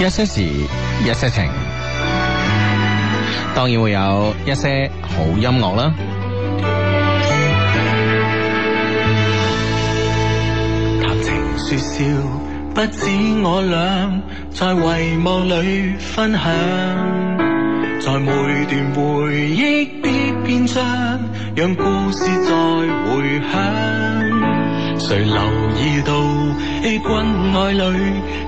一些事，一些情，當然會有一些好音樂啦。談情説笑，不止我倆在遺忘裏分享，在每段回憶的篇章，讓故事再回響。誰留意到君愛裏？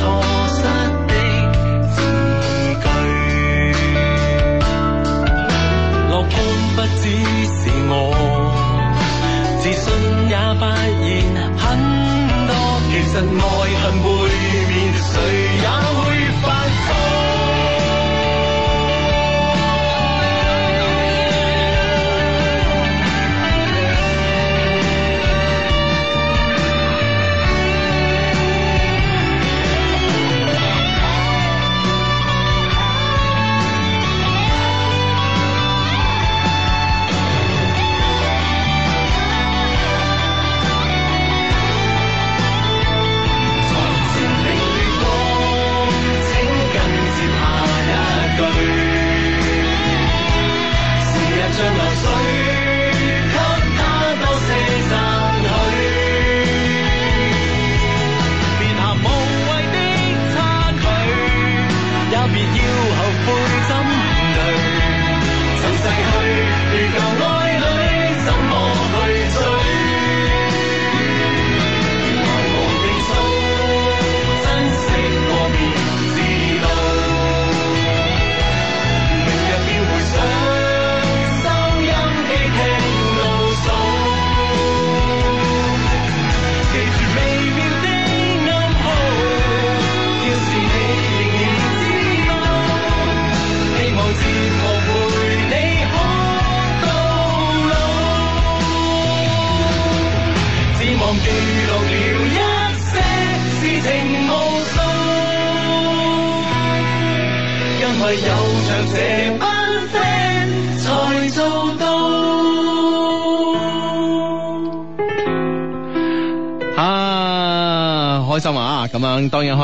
錯失的字句，樂觀不只是我，自信也發現很多。其實愛恨。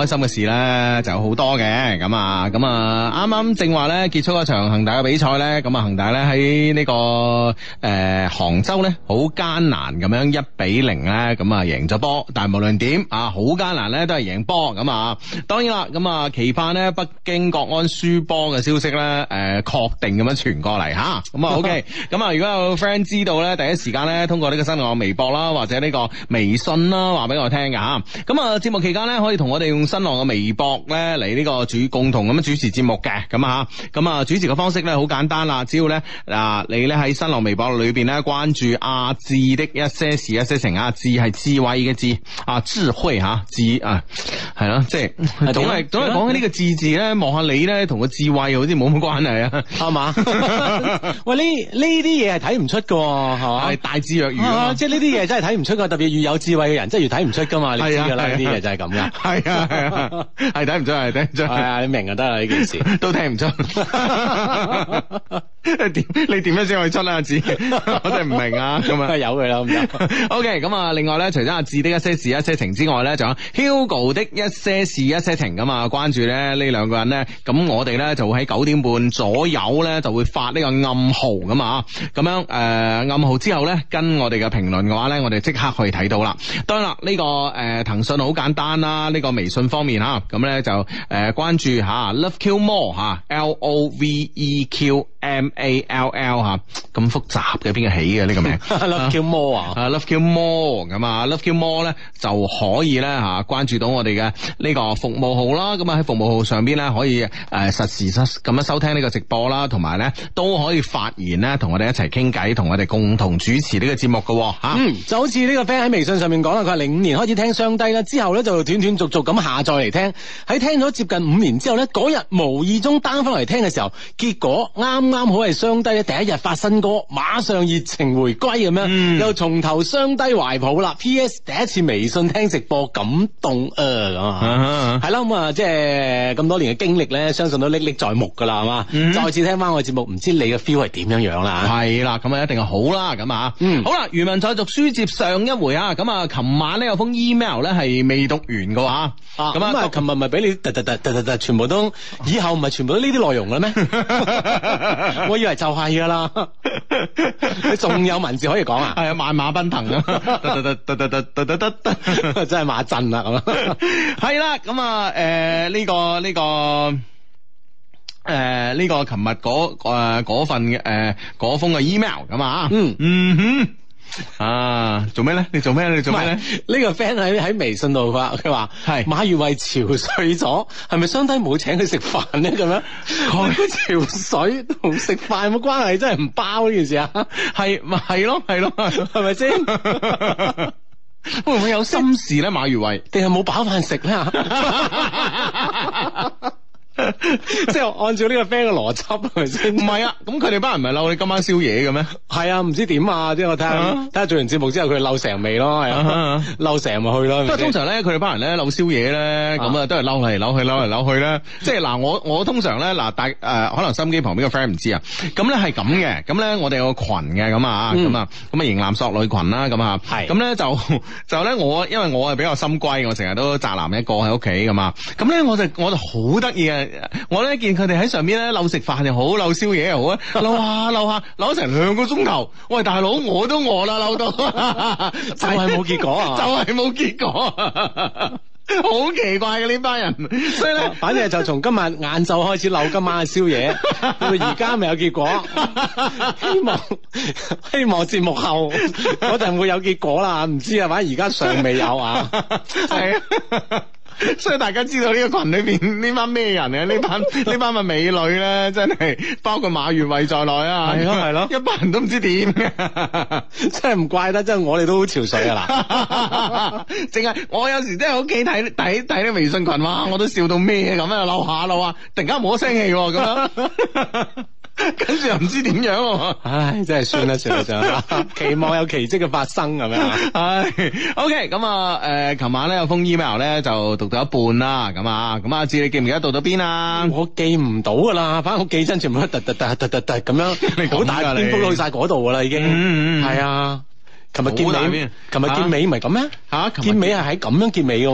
開心嘅事咧就有好多嘅，咁啊，咁啊，啱啱正話咧結束一場恒大嘅比賽咧，咁啊，恒大咧喺呢個。誒、呃、杭州咧好艱難咁樣一比零咧，咁啊贏咗波。但係無論點啊，好艱難咧都係贏波。咁啊，當然啦，咁啊期盼咧北京國安輸波嘅消息咧，誒、啊、確定咁樣傳過嚟吓，咁啊，OK。咁啊，啊 OK, 如果有 friend 知道咧，第一時間咧通過呢個，新浪，個、啊啊啊、新浪微博啦，或者呢個微信啦，話俾我聽㗎吓。咁啊，節目期間咧可以同我哋用新浪嘅微博咧嚟呢個主共同咁樣主持節目嘅。咁啊，咁啊主持嘅方式咧好簡單啦，只要咧嗱你咧喺新浪微博裏邊咧關注阿、啊、智的一些事一些情。阿、啊、智係智慧嘅智啊，智慧吓、啊、智啊係咯即係總係是、啊、總係講緊呢個智字咧望下，你咧同個智慧好似冇乜關係啊係嘛？吧 喂，呢呢啲嘢係睇唔出噶，係嘛？大智若愚啊，即係呢啲嘢真係睇唔出噶，特別越有智慧嘅人真係越睇唔出噶嘛，你知噶啦，呢啲嘢就係咁噶。係啊係啊係睇唔出係睇唔出，係啊，你明就得啦，呢件事 都睇唔出。 點 你點樣先可以出呢 啊？阿志，我哋唔明啊！咁啊，由佢啦咁就。O K，咁啊，另外咧，除咗阿志的一些事一些情之外咧，仲有 Hugo 的一些事一些情咁啊，關注咧呢兩個人咧，咁我哋咧就會喺九點半左右咧就會發呢個暗號咁啊，咁樣誒、呃、暗號之後咧，跟我哋嘅評論嘅話咧，我哋即刻可以睇到啦。當然啦，呢、這個誒騰訊好簡單啦，呢、這個微信方面吓，咁咧就誒、呃、關注下 Love Kill More 吓，L O V E Q M。A.L.L. 嚇，咁複雜嘅，邊個起嘅呢個名？Love Q more 啊！Love Q more 咁啊！Love Q more 咧就可以咧嚇關注到我哋嘅呢個服務號啦。咁啊，喺服務號上邊咧，可以誒實時實咁樣收聽呢個直播啦，同埋咧都可以發言咧，同我哋一齊傾偈，同我哋共同主持呢個節目嘅嚇。嗯，就好似呢個 friend 喺微信上面講啦，佢係零五年開始聽雙低啦，之後咧就斷斷續續咁下載嚟聽，喺聽咗接近五年之後咧，嗰日無意中 down 翻嚟聽嘅時候，結果啱啱好。因為雙低，第一日發新歌，馬上熱情回歸咁樣，又從頭雙低懷抱啦。PS，第一次微信聽直播，感動啊。咁啊，係啦咁啊，即係咁多年嘅經歷咧，相信都歷歷在目噶啦，係嘛。再次聽翻我嘅節目，唔知你嘅 feel 係點樣樣啦吓。係啦，咁啊，一定係好啦，咁啊，嗯，好啦，原文再續書接上一回啊。咁啊，琴晚咧有封 email 咧係未讀完嘅話啊，咁啊，琴日咪俾你突突突突突突，全部都以後唔係全部都呢啲內容啦咩？我以為就係噶啦。 你仲有文字可以講啊？係啊， 萬馬奔騰啊，得得得得得得得得，真係馬震啦，係啦，咁啊，誒，呢個呢個誒，呢個琴日嗰份誒嗰封嘅 email 咁啊，呃呃，嗯嗯哼。啊！做咩咧？你做咩咧？你做咩咧？呢、這個 friend 喺喺微信度發，佢話係馬如慧憔悴咗，係咪相睇冇請佢、哦、食飯咧？咁樣佢憔悴同食飯有冇關係真？真係唔包呢件事啊？係咪係咯？係咯？係咪先？會唔會有心事咧？是馬如慧定係冇飽飯食咧？ 即係按照呢個 friend 嘅邏輯，係咪先？唔係啊，咁佢哋班人唔係溜你今晚宵夜嘅咩？係啊，唔知點啊，即係我睇下睇下做完節目之後佢哋溜成未咯，係啊，溜成咪去咯。不過通常咧，佢哋班人咧溜宵夜咧，咁啊都係溜嚟溜去溜嚟溜去啦。即係嗱，我我通常咧嗱大誒，可能收音機旁邊個 friend 唔知啊，咁咧係咁嘅，咁咧我哋有個群嘅咁啊，咁啊，咁啊型男索女群啦，咁啊係，咁咧、嗯、就就咧我因為我係比較心乖，我成日都宅男一個喺屋企噶嘛，咁咧我就我就好得意啊。我咧見佢哋喺上面咧漏食飯又好，漏宵夜又好啊！漏下漏下攞成兩個鐘頭，喂大佬我都餓啦，漏到 就係冇結果啊！ 就係冇結果，啊， 好奇怪嘅，啊、呢班人。 所以咧呢，反正就從今晚晏晝開始漏今晚嘅宵夜，而家咪有結果。 希望希望節目後我就會有結果啦，唔知啊，反正而家尚未有啊。係、 啊。 所以大家知道呢個群裏邊呢班咩人嘅、啊？呢班呢班咪美女咧，真係包括馬月慧在內啊！係咯係咯，一班人都唔知點嘅，真係唔怪得，真係我哋都好潮水㗎喇，淨係我有時即係喺屋企睇睇睇啲微信群話，我都笑到咩咁樣！樓下佬啊，突然間冇咗聲氣咁樣。 跟住又唔知點樣、啊，唉、哎，真係算啦 算啦，算啦，期望有奇迹嘅發生咁樣。唉、 哎，OK，咁、嗯、啊，誒、呃，琴晚咧有封 email 咧就讀到一半啦，咁啊，咁阿志你記唔記得到到邊啊？我記唔到噶啦，反正我記真全部都突突突突突突咁樣，好大篇幅都去晒嗰度噶啦，已經，嗯嗯，係啊。琴日結尾，琴、啊、日結尾唔係咁咩？吓、啊，結尾係喺咁樣結尾嘅。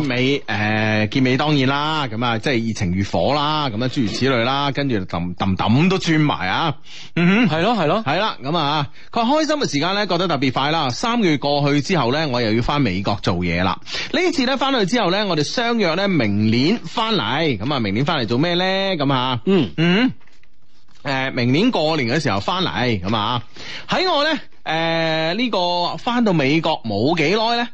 結尾誒，結、呃、尾當然啦，咁啊，即係熱情如火啦，咁啊，諸如此類啦，跟住氹氹氹都轉埋啊。嗯哼，係咯係咯，係啦。咁啊，佢開心嘅時間咧，覺得特別快啦。三月過去之後咧，我又要翻美國做嘢啦。次呢次咧翻去之後咧，我哋相約咧明年翻嚟。咁啊，明年翻嚟做咩咧？咁啊，嗯嗯，誒、嗯呃，明年過年嘅時候翻嚟。咁啊，喺我咧。呢誒，呢個翻到美國冇幾耐咧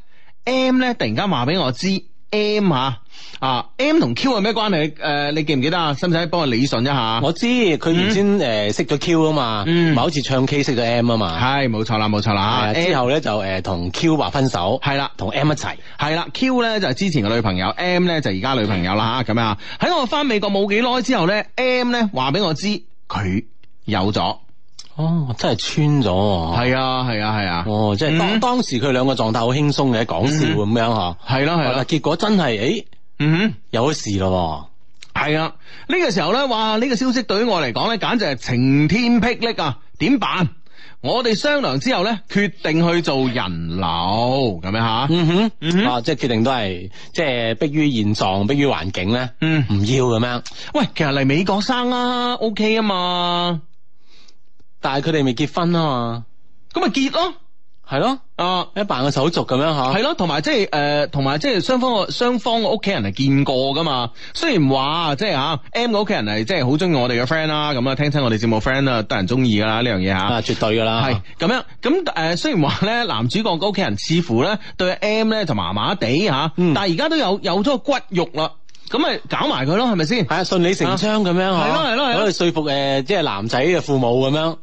，M 咧突然間話俾我知，M 吓啊，M 同 Q 係咩關係？誒，你記唔記得啊？使唔使幫我理順一下？我知，佢原先誒識咗 Q 啊嘛，唔係好似唱 K 識咗 M 啊嘛。係，冇錯啦，冇錯啦。吓之後咧就誒同 Q 話分手，係啦，同 M 一齊，係啦。Q 咧就係之前嘅女朋友，M 咧就而家女朋友啦吓，咁啊。喺我翻美國冇幾耐之後咧，M 咧話俾我知佢有咗。哦，真係穿咗。係啊，係啊，係啊，哦，即係當、mm hmm. 當時佢兩個狀態好輕鬆嘅，講笑咁、mm hmm. 樣吓，係咯、啊，係啦、啊，結果真係，誒，嗯哼、mm，hmm. 有咗事咯，係啊，呢、這個時候咧，哇，呢、這個消息對於我嚟講咧，簡直係晴天霹靂啊！點辦？我哋商量之後咧，決定去做人流咁樣吓、啊，mm hmm. 嗯哼，hmm. 啊，即係決定都係，即係迫於現狀，迫於環境咧，嗯、mm，唔、hmm. 要咁樣。喂，其實嚟美國生啦 OK 啊、okay、嘛。但係佢哋未結婚啊嘛，咁咪結咯，係咯、啊，啊，一辦個手續咁樣吓，係咯，同埋即係誒，同埋即係雙方嘅雙方個屋企人係見過噶嘛。雖然話即係吓 M 個屋企人係即係好中意我哋嘅 friend 啦，咁啊聽親我哋節目 friend 啊，得人中意噶啦呢樣嘢吓，啊，啊絕對噶啦，係咁樣咁誒。雖然話咧男主角個屋企人似乎咧對 M 咧就麻麻地吓，啊嗯、但係而家都有有咗個骨肉啦，咁咪搞埋佢、啊啊、咯，係咪先？係啊咯，順理成章咁樣，係咯係咯，去說服誒，即係男仔嘅父母咁樣。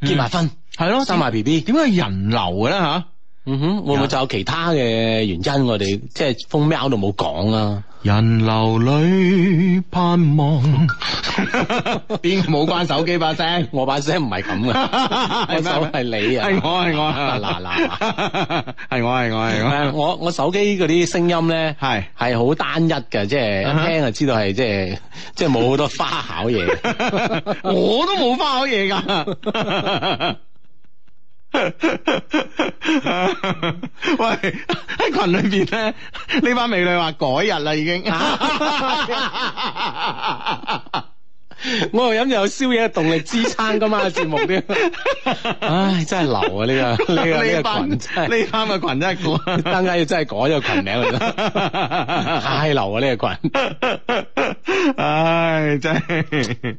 結埋婚，係咯的生埋 B B，點解人流嘅咧吓？嗯哼，會唔會就有其他嘅原因？嗯、我哋即係封咪都冇講啊。人流裏盼望，邊個冇關手機把聲？我把聲唔係咁啊！我手係你啊！係我係我，嗱嗱，係我係我係我。我我手機嗰啲聲音咧，係係好單一嘅，即係一聽就知道係 即係即係冇好多花巧嘢。 我都冇花巧嘢噶。 喂，喺群裏邊咧，呢班美女話改日啦，已、啊、經。 我又飲有宵夜嘅動力支撐噶嘛節目添。 唉，真係流啊呢、這個呢個群，呢班呢班嘅群真係等間要真係改咗個群名嚟啦。太流啊呢個群，唉真係，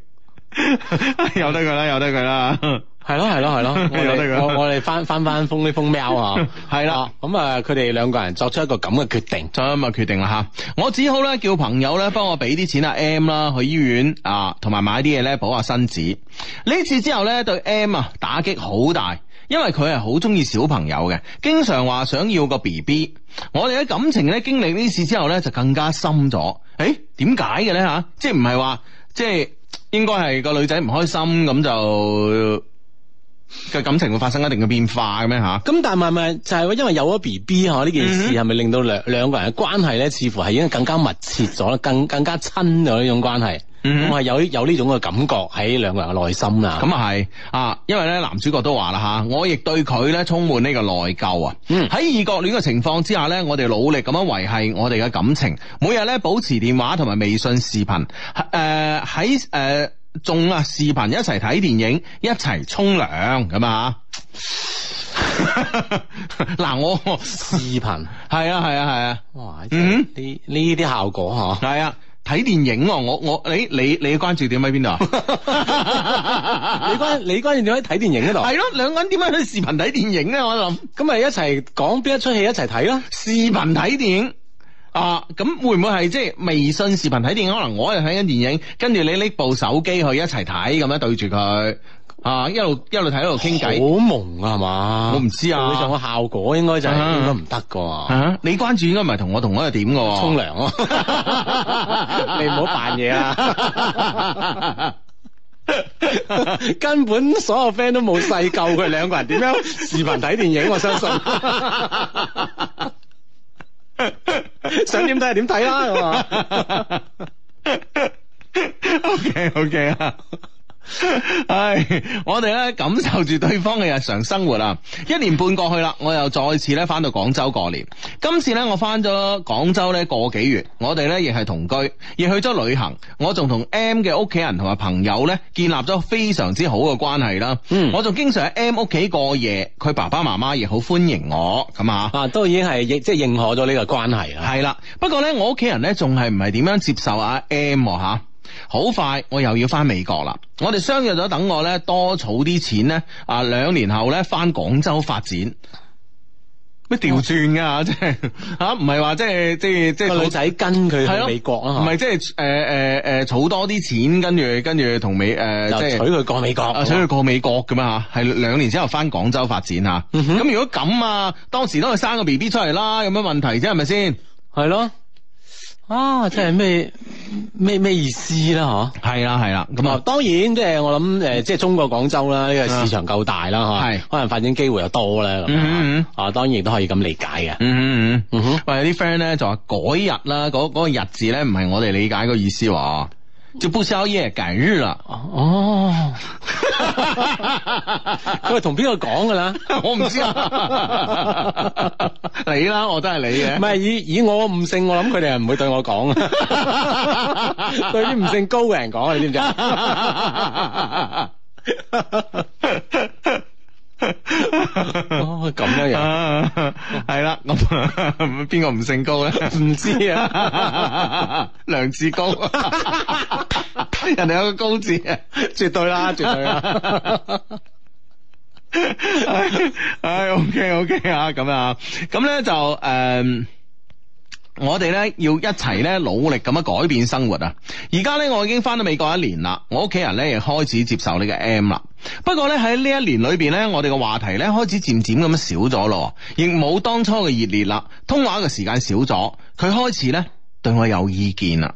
由得佢啦，由得佢啦。係咯，係咯，係咯， 我有得佢。我哋翻，翻翻翻風呢風喵啊，係啦。咁啊、 嗯，佢哋兩個人作出一個咁嘅決定，咁嘅決定啦吓。我只好咧叫朋友咧幫我俾啲錢啊 M 啦，去醫院啊，同埋買啲嘢咧補下身子。呢次之後咧對 M 啊打擊好大，因為佢係好中意小朋友嘅，經常話想要個 B B。我哋喺感情咧經歷呢次之後咧就更加深咗。誒、欸，點解嘅咧吓？即係唔係話即係應該係個女仔唔開心咁就？感情會發生一定嘅變化嘅咩吓？咁但係咪就係因為有咗 B B 嗬呢件事，係咪令到兩、嗯、哼兩個人嘅關係呢？似乎係已經更加密切咗，嗯、哼更更加親咗呢種關係？咁係、嗯、哼有有呢種嘅感覺喺兩個人嘅內心啊？咁啊係啊，因為呢男主角都話啦吓，我亦對佢呢充滿呢個內疚啊！喺異國戀嘅情況之下呢，我哋努力咁樣維係我哋嘅感情，每日呢保持電話同埋微信視頻，誒喺誒。仲啊，視頻一齊睇電影，一齊沖涼咁啊！嗱， 我，我視頻頻係 啊，係啊，係啊，哇、啊！嗯，呢呢啲效果嗬，係啊，睇、啊、電影、啊、我我誒，你你，你，關 你關注點喺邊度啊？你關你關注點喺睇電影嗰、啊、度？係咯、 啊，兩個人點解去視頻睇電影咧、啊？我諗咁咪一齊講邊一出戲一齊睇咯，視頻睇電影。啊，咁會唔會係即係微信視頻睇電影？可能我又睇緊電影，跟住你拎部手機去一齊睇咁樣對住佢，啊一路一路睇一路傾偈，好蒙啊係嘛！嗯嗯、我唔知啊，上個效果應該就係、是啊、應該唔得噶。啊、你關注應該唔係同我同一個點噶，沖涼咯！你唔好扮嘢啊！啊 根本所有 friend 都冇細究佢，兩個人點樣視頻睇電影？我相信。 想點睇就點睇啦，係嘛？OK OK 啊。 唉，我哋呢感受住對方嘅日常生活啊，一年半過去啦，我又再次呢翻到廣州過年。今次呢，我翻咗廣州呢個幾月，我哋呢亦係同居，亦去咗旅行。我仲同 M 嘅屋企人同埋朋友呢建立咗非常之好嘅關係啦，啊。嗯，我仲經常喺 M 屋企過夜，佢爸爸媽媽亦好歡迎我咁啊。啊，都已經係即係認可咗呢個關係啦。係啦，不過呢，我屋企人呢仲係唔係點樣接受阿、啊、M 吓、啊？啊好快，我又要翻美國啦！我哋相約咗等我咧多儲啲錢咧，啊兩年後咧翻廣州發展咩調轉噶，即係吓唔係話即係即係即係個女仔跟佢去美國啊？唔係即係誒誒誒儲多啲錢，跟住跟住同美誒即係娶佢過美國，娶佢、啊、過美國咁啊吓，係兩吧年之後翻廣州發展吓。咁、啊嗯、哼如果咁啊，當時都係生個 B B 出嚟啦，有咩問題啫？係咪先？係咯。 啊，即係咩咩咩意思啦？吓，係啦係啦，咁啊， 當然即係我諗誒，即係中國廣州啦，呢個市場夠大啦，嗬， 可能發展機會又多咧，咁啊，啊當然亦都可以咁理解嘅，嗯哼嗯哼，喂，有啲 friend 咧就話嗰日啦，嗰嗰、嗰個日子咧唔係我哋理解個意思喎。嗯 就不宵夜，改日啦。哦，佢同邊個講噶啦？我唔知啊。 你啦，我都係你嘅。唔係以以我悟性，我諗佢哋係唔會對我講啊。 對啲悟性高嘅人講，你知唔知啊？ 哦，咁樣樣，係啦、啊，咁邊個唔姓高咧？唔知啊，梁志高，啊， 人哋有個高字啊，絕對啦，絕對啦！唉、 哎哎，OK，OK okay, okay，啊，咁啊，咁咧就誒。Uh, 我哋咧要一齊咧努力咁樣改變生活啊！而家咧我已經翻到美國一年啦，我屋企人咧亦開始接受呢個 M 啦。不過咧喺呢一年裏邊咧，我哋嘅話題咧開始漸漸咁樣少咗咯，亦冇當初嘅熱烈啦。通話嘅時間少咗，佢開始咧對我有意見啦。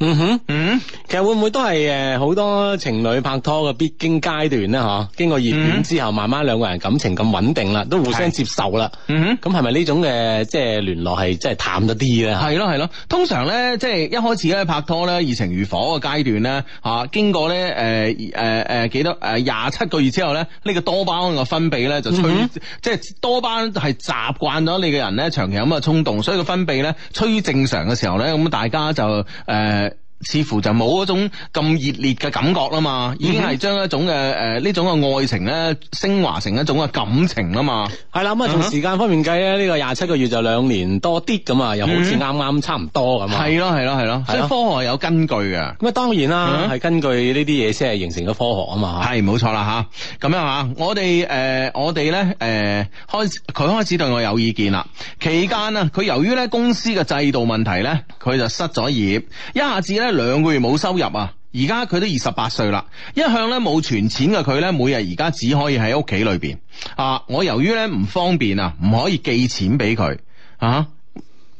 嗯哼，嗯其實會唔會都係誒好多情侶拍拖嘅必經階段咧？嗬，經過熱戀之後，慢慢兩個人感情咁穩定啦，都互相接受啦。嗯哼，咁係咪呢種嘅即係聯絡係即係淡咗啲咧？係咯係咯，通常咧即係一開始咧拍拖咧，熱情如火嘅階段咧，吓經過咧誒誒誒幾多誒廿七個月之後咧，呢個多巴胺嘅分泌咧就趨，嗯、哼即係多巴胺係習慣咗你嘅人咧，長期咁嘅衝動，所以個分泌咧趨於正常嘅時候咧，咁大家就誒。呃似乎就冇嗰種咁熱烈嘅感覺啦嘛，已經係將一種嘅誒呢種嘅愛情咧升華成一種嘅感情啦嘛。係啦，咁啊從時間方面計咧，呢、uh huh. 個廿七個月就兩年多啲咁啊，又好似啱啱差唔多咁。係咯係咯係咯，所以科學有根據嘅。咁啊，當然啦，係根據呢啲嘢先係形成咗科學啊嘛。係冇錯啦吓，咁樣吓，我哋誒、呃、我哋咧誒開佢開始對我有意見啦。期間啊，佢由於咧公司嘅制度問題咧，佢就失咗業，一下子咧。兩個月冇收入啊！而家佢都二十八歲啦，一向咧冇存錢嘅佢咧，每日而家只可以喺屋企裏邊啊！我由於咧唔方便啊，唔可以寄錢俾佢啊，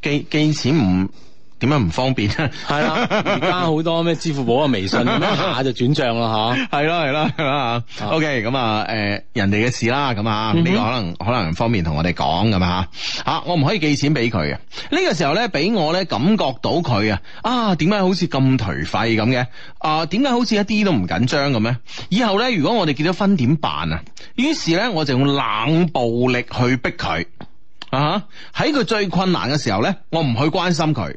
寄寄錢唔。點解唔方便？係啦，而家好多咩支付寶啊、微信咁一下就轉賬啦，吓係咯係咯，係啦。O K，咁啊，誒，人哋嘅事啦，咁啊，呢個可能可能唔方便同我哋講，咁啊吓，吓，我唔可以寄錢俾佢啊。呢個時候咧，俾我咧感覺到佢啊，啊，點解好似咁頹廢咁嘅？啊，點解好似一啲都唔緊張嘅咩？以後咧，如果我哋結咗婚點辦啊？於是咧，我就用冷暴力去逼佢啊！喺佢、uh huh. 最困難嘅時候咧，我唔去關心佢。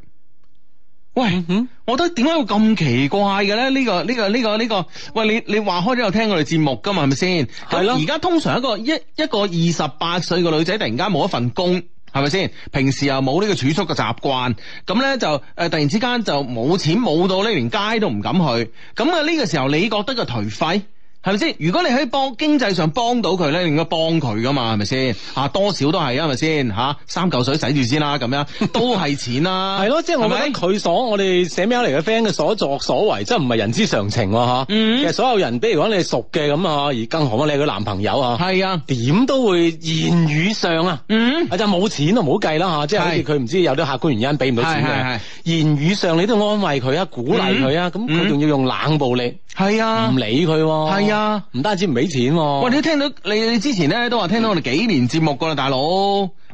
喂，嗯，我覺得點解會咁奇怪嘅咧？呢個呢個呢個呢個，喂，你你話開咗有聽我哋節目噶嘛？係咪先？係咯。而家通常一個一一個二十八歲嘅女仔突然間冇一份工，係咪先？平時又冇呢個儲蓄嘅習慣，咁咧就誒、呃、突然之間就冇錢冇到呢，連街都唔敢去。咁啊呢個時候你覺得個頹廢？係咪先？如果你喺幫經濟上幫到佢咧，你應該幫佢噶嘛？係咪先？吓多少都係啊？係咪先？吓三嚿水洗住先啦、啊，咁樣都係錢啦、啊。係咯， 即係我諗佢所是是我哋寫喵嚟嘅 friend 嘅所作所為，即係唔係人之常情喎！吓、啊，mm、其實所有人，比如講你係熟嘅咁啊，而更何況你係佢男朋友啊，係啊，點都會言語上、mm、啊，mm、就冇錢都唔好計啦！吓，即係好似佢唔知有啲客觀原因俾唔到錢嘅，言語上你都安慰佢啊，鼓勵佢啊，咁佢仲要用冷暴力。Mm hmm 係啊，唔理佢，係啊，唔單止唔俾錢、啊，喂，你都聽到你之前咧都話聽到我哋幾年節目噶啦，大佬，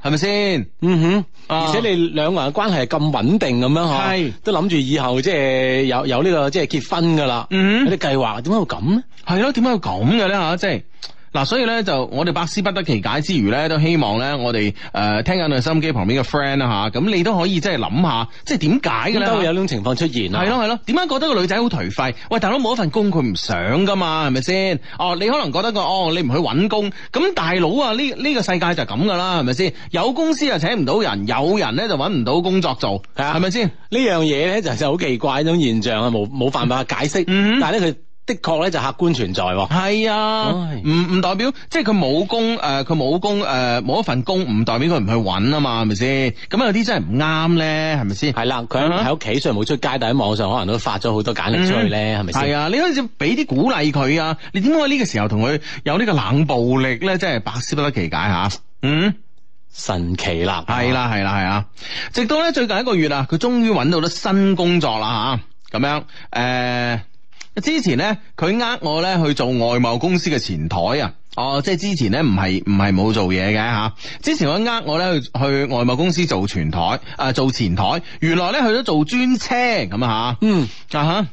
係咪先？嗯哼，啊、而且你兩個人嘅關係係咁穩定咁樣，吓是，係、啊、都諗住以後即係有有呢個即係結婚噶啦，嗯哼，有啲計劃，點解會咁咧？係咯、啊，點解會咁嘅咧？吓、啊，即係。嗱、啊，所以咧就我哋百思不得其解之餘咧，都希望咧我哋誒聽緊台收音機旁邊嘅 friend 啊。嚇、啊，咁、啊、你都可以即係諗下，即係點解嘅咧都會有呢種情況出現啊？係咯係咯，點解覺得個女仔好頹廢？喂，大佬冇一份工佢唔想噶嘛，係咪先？哦，你可能覺得個哦你唔去揾工，咁大佬啊呢呢個世界就係咁噶啦，係咪先？有公司又請唔到人，有人咧就揾唔到工作做，係咪先？呢樣嘢咧就係就好奇怪一種現象啊，冇冇辦法解釋。但係咧佢。的確咧就客觀存在，係啊，唔唔唉代表即係佢冇工誒，佢冇工誒，冇、呃、一份工，唔代表佢唔去揾啊嘛，係咪先？咁有啲真係唔啱咧，係咪先？係啦，佢喺屋企雖然冇出街，但喺、嗯啊、網上可能都發咗好多簡歷出去咧，係咪先？係啊，你可以俾啲鼓勵佢啊！你點解呢個時候同佢有呢個冷暴力咧？真係百思不得其解吓、啊。嗯，神奇啦，係啦、啊，係啦、啊，係啊，啊！直到咧最近一個月啊，佢終於揾到咗新工作啦吓，咁、啊、樣誒。呃之前咧，佢呃我咧去做外貿公司嘅前台啊。哦，即係之前咧，唔係唔係冇做嘢嘅吓。之前佢呃我咧去去外貿公司做前台，誒、啊、做前台。原來咧去咗做專車咁啊吓。嗯啊吓。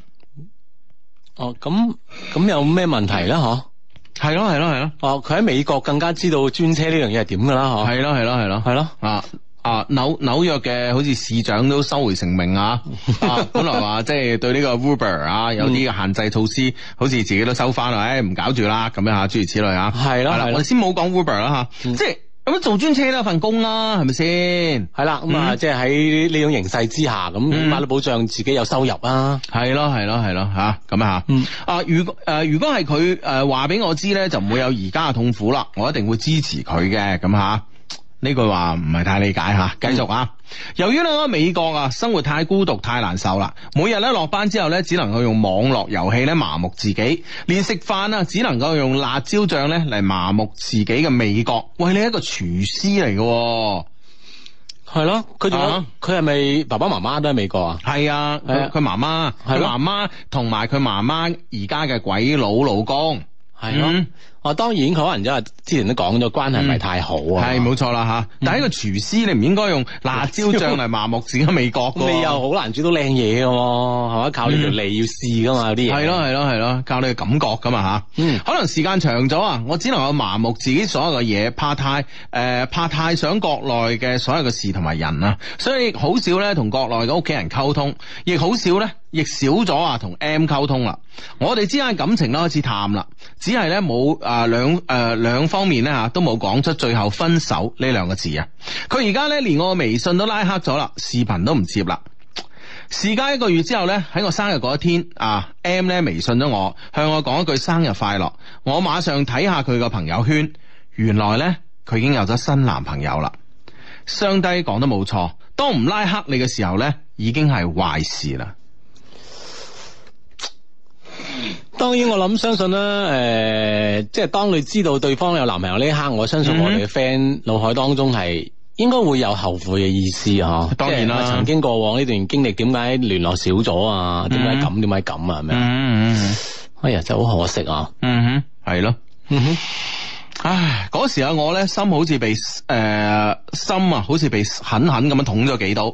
哦，咁咁有咩問題咧？嗬， 係咯係咯係咯。哦，佢喺美國更加知道專車呢樣嘢係點噶啦。嗬，係咯係咯係咯係咯啊。的啊，紐紐約嘅好似市長都收回成命 啊！本來話即係對呢個 Uber 啊有啲嘅限制措施，好似自己都收翻，誒唔、嗯欸、搞住啦，咁樣啊，諸如此類啊。係咯，係我哋先冇講 Uber 啦吓、嗯，即係咁做專車啦，份工啦，係咪先？係啦，咁啊，即係喺呢種形勢之下，咁起碼保障自己有收入啊？係咯，係咯，係咯，吓咁、嗯、啊。啊，如誒，如果係佢誒話俾我知咧，就唔會有而家嘅痛苦啦。我一定會支持佢嘅，咁吓。呢句話唔係太理解吓、啊，繼續啊！由於呢個美國啊，生活太孤獨太難受啦，每日咧落班之後咧，只能夠用網絡遊戲咧麻木自己，連食飯啊，只能夠用辣椒醬咧嚟麻木自己嘅味覺。喂，你係一個廚師嚟嘅、啊，係咯、啊？佢仲佢係咪爸爸媽媽都喺美國啊？係啊，係啊，佢媽媽，佢、啊、媽媽同埋佢媽媽而家嘅鬼佬老公，係咯、啊。嗯啊，當然可能因為之前都講咗關係唔係太好、嗯、啊，係冇錯啦嚇。但係一個廚師，你唔應該用辣椒醬嚟麻木自己嘅味覺，你又好難煮到靚嘢嘅喎，係嘛、嗯？靠你條脷要試嘅嘛，有啲嘢。係咯係咯係咯，靠你嘅感覺嘅嘛嚇。啊嗯、可能時間長咗啊，我只能夠麻木自己所有嘅嘢，怕太誒怕太想國內嘅所有嘅事同埋人啊，所以好少咧同國內嘅屋企人溝通，亦好少咧。亦少咗啊，同 M 溝通啦。我哋之間感情都開始淡啦，只係咧冇誒兩誒兩方面咧吓、啊、都冇講出最後分手呢兩個字啊。佢而家咧連我微信都拉黑咗啦，視頻都唔接啦。事隔一個月之後咧，喺我生日嗰一天啊，M 咧微信咗我，向我講一句生日快樂。我馬上睇下佢個朋友圈，原來咧佢已經有咗新男朋友啦。相低講得冇錯，當唔拉黑你嘅時候咧，已經係壞事啦。當然我諗相信啦，誒、呃，即係當你知道對方有男朋友呢一刻，我相信我哋嘅 friend 腦海當中係應該會有後悔嘅意思嗬。當然啦，曾經過往呢段經歷，點解聯絡少咗啊？點解咁？點解咁啊？係咪、嗯？嗯嗯嗯、哎呀，真係好可惜啊！嗯哼，係咯。嗯哼。唉，嗰時啊，我呢，心好似被誒、呃、心啊，好似被狠狠咁樣捅咗幾刀。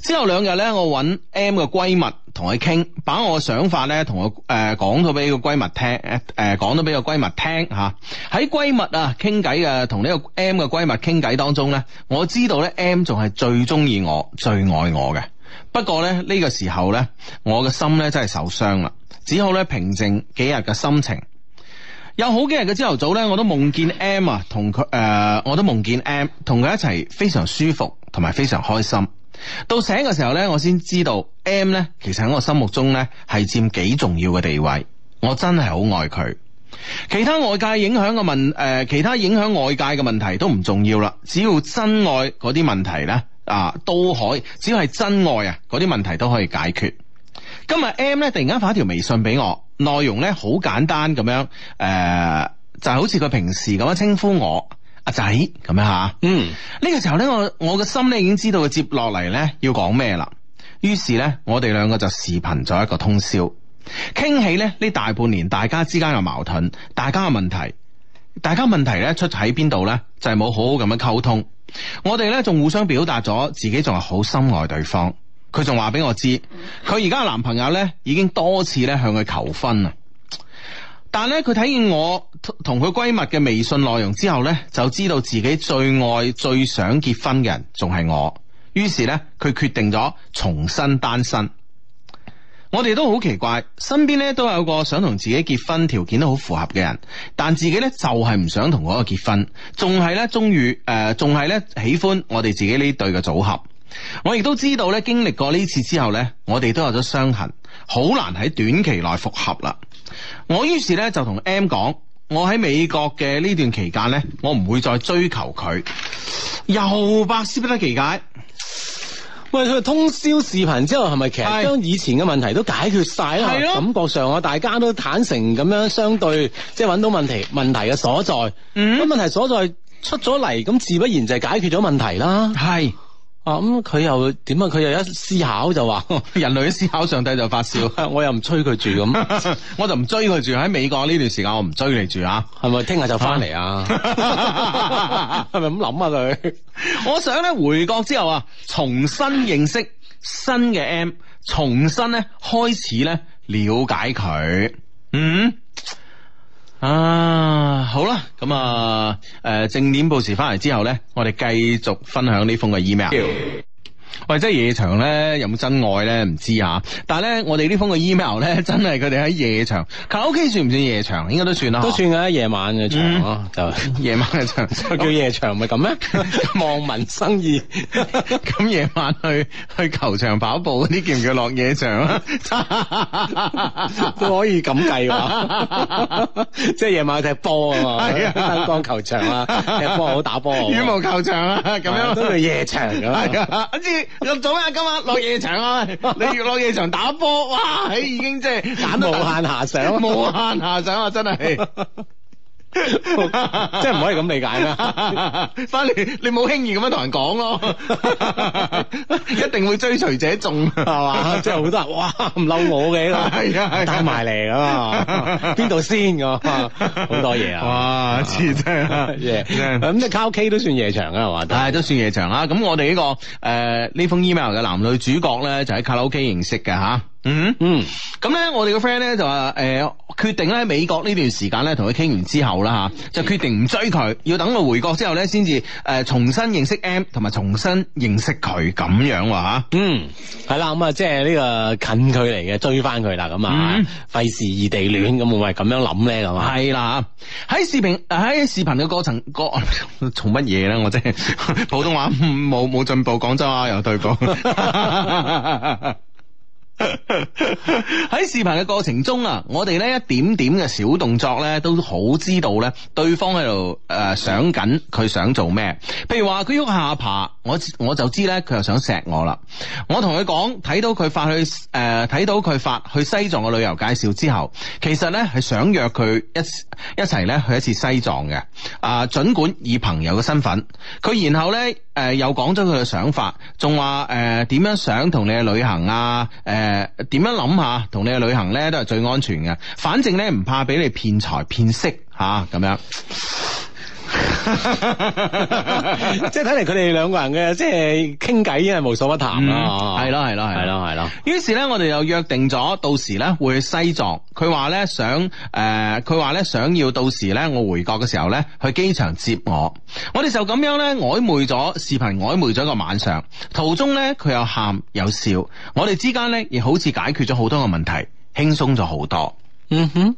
之後兩日呢，我揾 M 嘅閨蜜同佢傾，把我嘅想法呢，同佢誒講咗俾個閨蜜聽，誒講咗俾個閨蜜聽吓。喺、啊、閨蜜啊傾偈啊，同呢個 M 嘅閨蜜傾偈當中呢，我知道呢 M 仲係最中意我、最愛我嘅。不過呢，呢、這個時候呢，我嘅心呢，真係受傷啦，只好呢，平靜幾日嘅心情。有好幾日嘅朝頭早咧，我都夢見 M 啊，同佢誒，我都夢見 M 同佢一齊非常舒服，同埋非常開心。到醒嘅時候咧，我先知道 M 咧，其實喺我心目中咧係佔幾重要嘅地位。我真係好愛佢。其他外界影響嘅問誒，其他影響外界嘅問題都唔重要啦。只要真愛嗰啲問題咧啊，都可以；只要係真愛啊，嗰啲問題都可以解決。今日 M 咧突然間發一條微信俾我。內容咧好簡單咁、呃就是啊、樣，誒，就好似佢平時咁樣稱呼我阿仔咁樣吓。嗯，呢個時候咧，我我嘅心咧已經知道佢接落嚟咧要講咩啦。於是咧，我哋兩個就視頻咗一個通宵，傾起咧呢大半年大家之間嘅矛盾、大家嘅問題、大家問題咧出喺邊度咧，就係、是、冇好好咁樣溝通。我哋咧仲互相表達咗自己仲係好深愛對方。佢仲話俾我知，佢而家男朋友呢已經多次咧向佢求婚啦。但係咧，佢睇見我同佢閨蜜嘅微信內容之後呢，就知道自己最愛、最想結婚嘅人仲係我。於是呢，佢決定咗重新單身。我哋都好奇怪，身邊咧都有個想同自己結婚、條件都好符合嘅人，但自己呢就係唔想同嗰個結婚，仲係呢，中意，誒，仲係呢，喜歡我哋自己呢對嘅組合。我亦都知道咧，經歷過呢次之後呢，我哋都有咗傷痕，好難喺短期內複合啦。我於是呢，就同 M 講，我喺美國嘅呢段期間呢，我唔會再追求佢。又百思不得其解。喂，佢通宵視頻之後，係咪其實將以前嘅問題都解決晒啦？係咯。感覺上啊，大家都坦誠咁樣相對，即係揾到問題問題嘅所在。咁、嗯、問題所在出咗嚟，咁自不然就解決咗問題啦。係。啊，咁佢又點啊？佢、嗯、又，又一思考就話，人類一思考，上帝就發笑。 我又唔催佢住咁，啊啊，我就唔追佢住。喺美國呢段時間，我唔追你住啊，係咪？聽日就翻嚟啊？係咪咁諗啊？佢，我想咧回國之後啊，重新認識新嘅 M，重新咧開始咧了解佢。嗯。.啊，好啦，咁啊，誒，正點報時翻嚟之後咧，我哋繼續分享呢封嘅 email。喂，即係夜場咧，有冇真愛咧？唔知吓、啊，但係咧，我哋呢封嘅 email 咧，真係佢哋喺夜場，球 K 算唔算夜場？應該都算啦，啊、都算喺夜晚嘅場咯、啊，嗯、就夜晚嘅場，就叫夜場，唔係咁咩？望 文生意。咁夜 晚去去球場跑步嗰啲叫唔叫落夜場啊？ 都可以咁計喎，即係夜晚踢波 啊嘛，燈光球場啊，踢波好打波，羽毛球場 啊，咁樣 都叫夜場咁，好似。入咗啊，今晚落夜場啊！ 你越落夜場打波，哇！唉，已經即係揀到無限遐想， 無限遐想啊！ 真係。 即係唔可以咁理解啦， 翻嚟你冇輕易咁樣同人講咯，一定會追隨者眾係嘛，即係好多人哇唔嬲我嘅呢個帶埋嚟啊，邊度先噶？好多嘢啊，哇，真係咁即係卡拉 OK 都算夜場啊，係嘛，但係都算夜場啦。咁我哋呢、這個誒呢、呃、封 email 嘅男女主角咧就喺卡拉 OK 認識嘅吓。嗯、mm hmm. 嗯，咁咧我哋個 friend 咧就話誒、呃，決定咧喺美國呢段時間咧同佢傾完之後啦吓、啊，就決定唔追佢，要等佢回國之後咧先至誒重新認識 M 同埋重新認識佢咁樣話吓、啊嗯。嗯，係啦，咁啊即係呢個近距離嘅追翻佢啦，咁啊費事異地戀，咁我咪咁樣諗咧，咁啊係啦，喺視頻喺視頻嘅過程個從乜嘢咧？我真係普通話冇冇進步，廣州話又退步。 喺 視頻嘅過程中啊，我哋呢一點點嘅小動作呢都好知道呢對方喺度誒想緊佢，呃、想，想做咩？譬如話佢喐下爬，我我就知呢佢又想錫我啦。我同佢講，睇到佢發去誒，睇，呃、到佢發去西藏嘅旅遊介紹之後，其實呢係想約佢一一齊呢去一次西藏嘅。啊、呃，盡管以朋友嘅身份，佢然後呢……誒，又講咗佢嘅想法，仲話誒，呃、點樣想同你去旅行啊？誒、呃，點樣諗吓，同你去旅行呢？都係最安全嘅，反正呢，唔怕俾你騙財騙色吓，啊、咁樣。 即係睇嚟佢哋兩個人嘅即係傾偈，係無所不談啦。係咯、嗯，係咯，係咯，係咯。於是呢，是是我哋又約定咗，到時咧會去西藏。佢話呢，想、呃、誒，佢話呢，想要到時呢，我回國嘅時候呢，去機場接我。我哋就咁樣呢，曖昧咗視頻，曖昧咗一個晚上。途中呢，佢又喊又笑，我哋之間呢，亦好似解決咗好多個問題，輕鬆咗好多。嗯哼。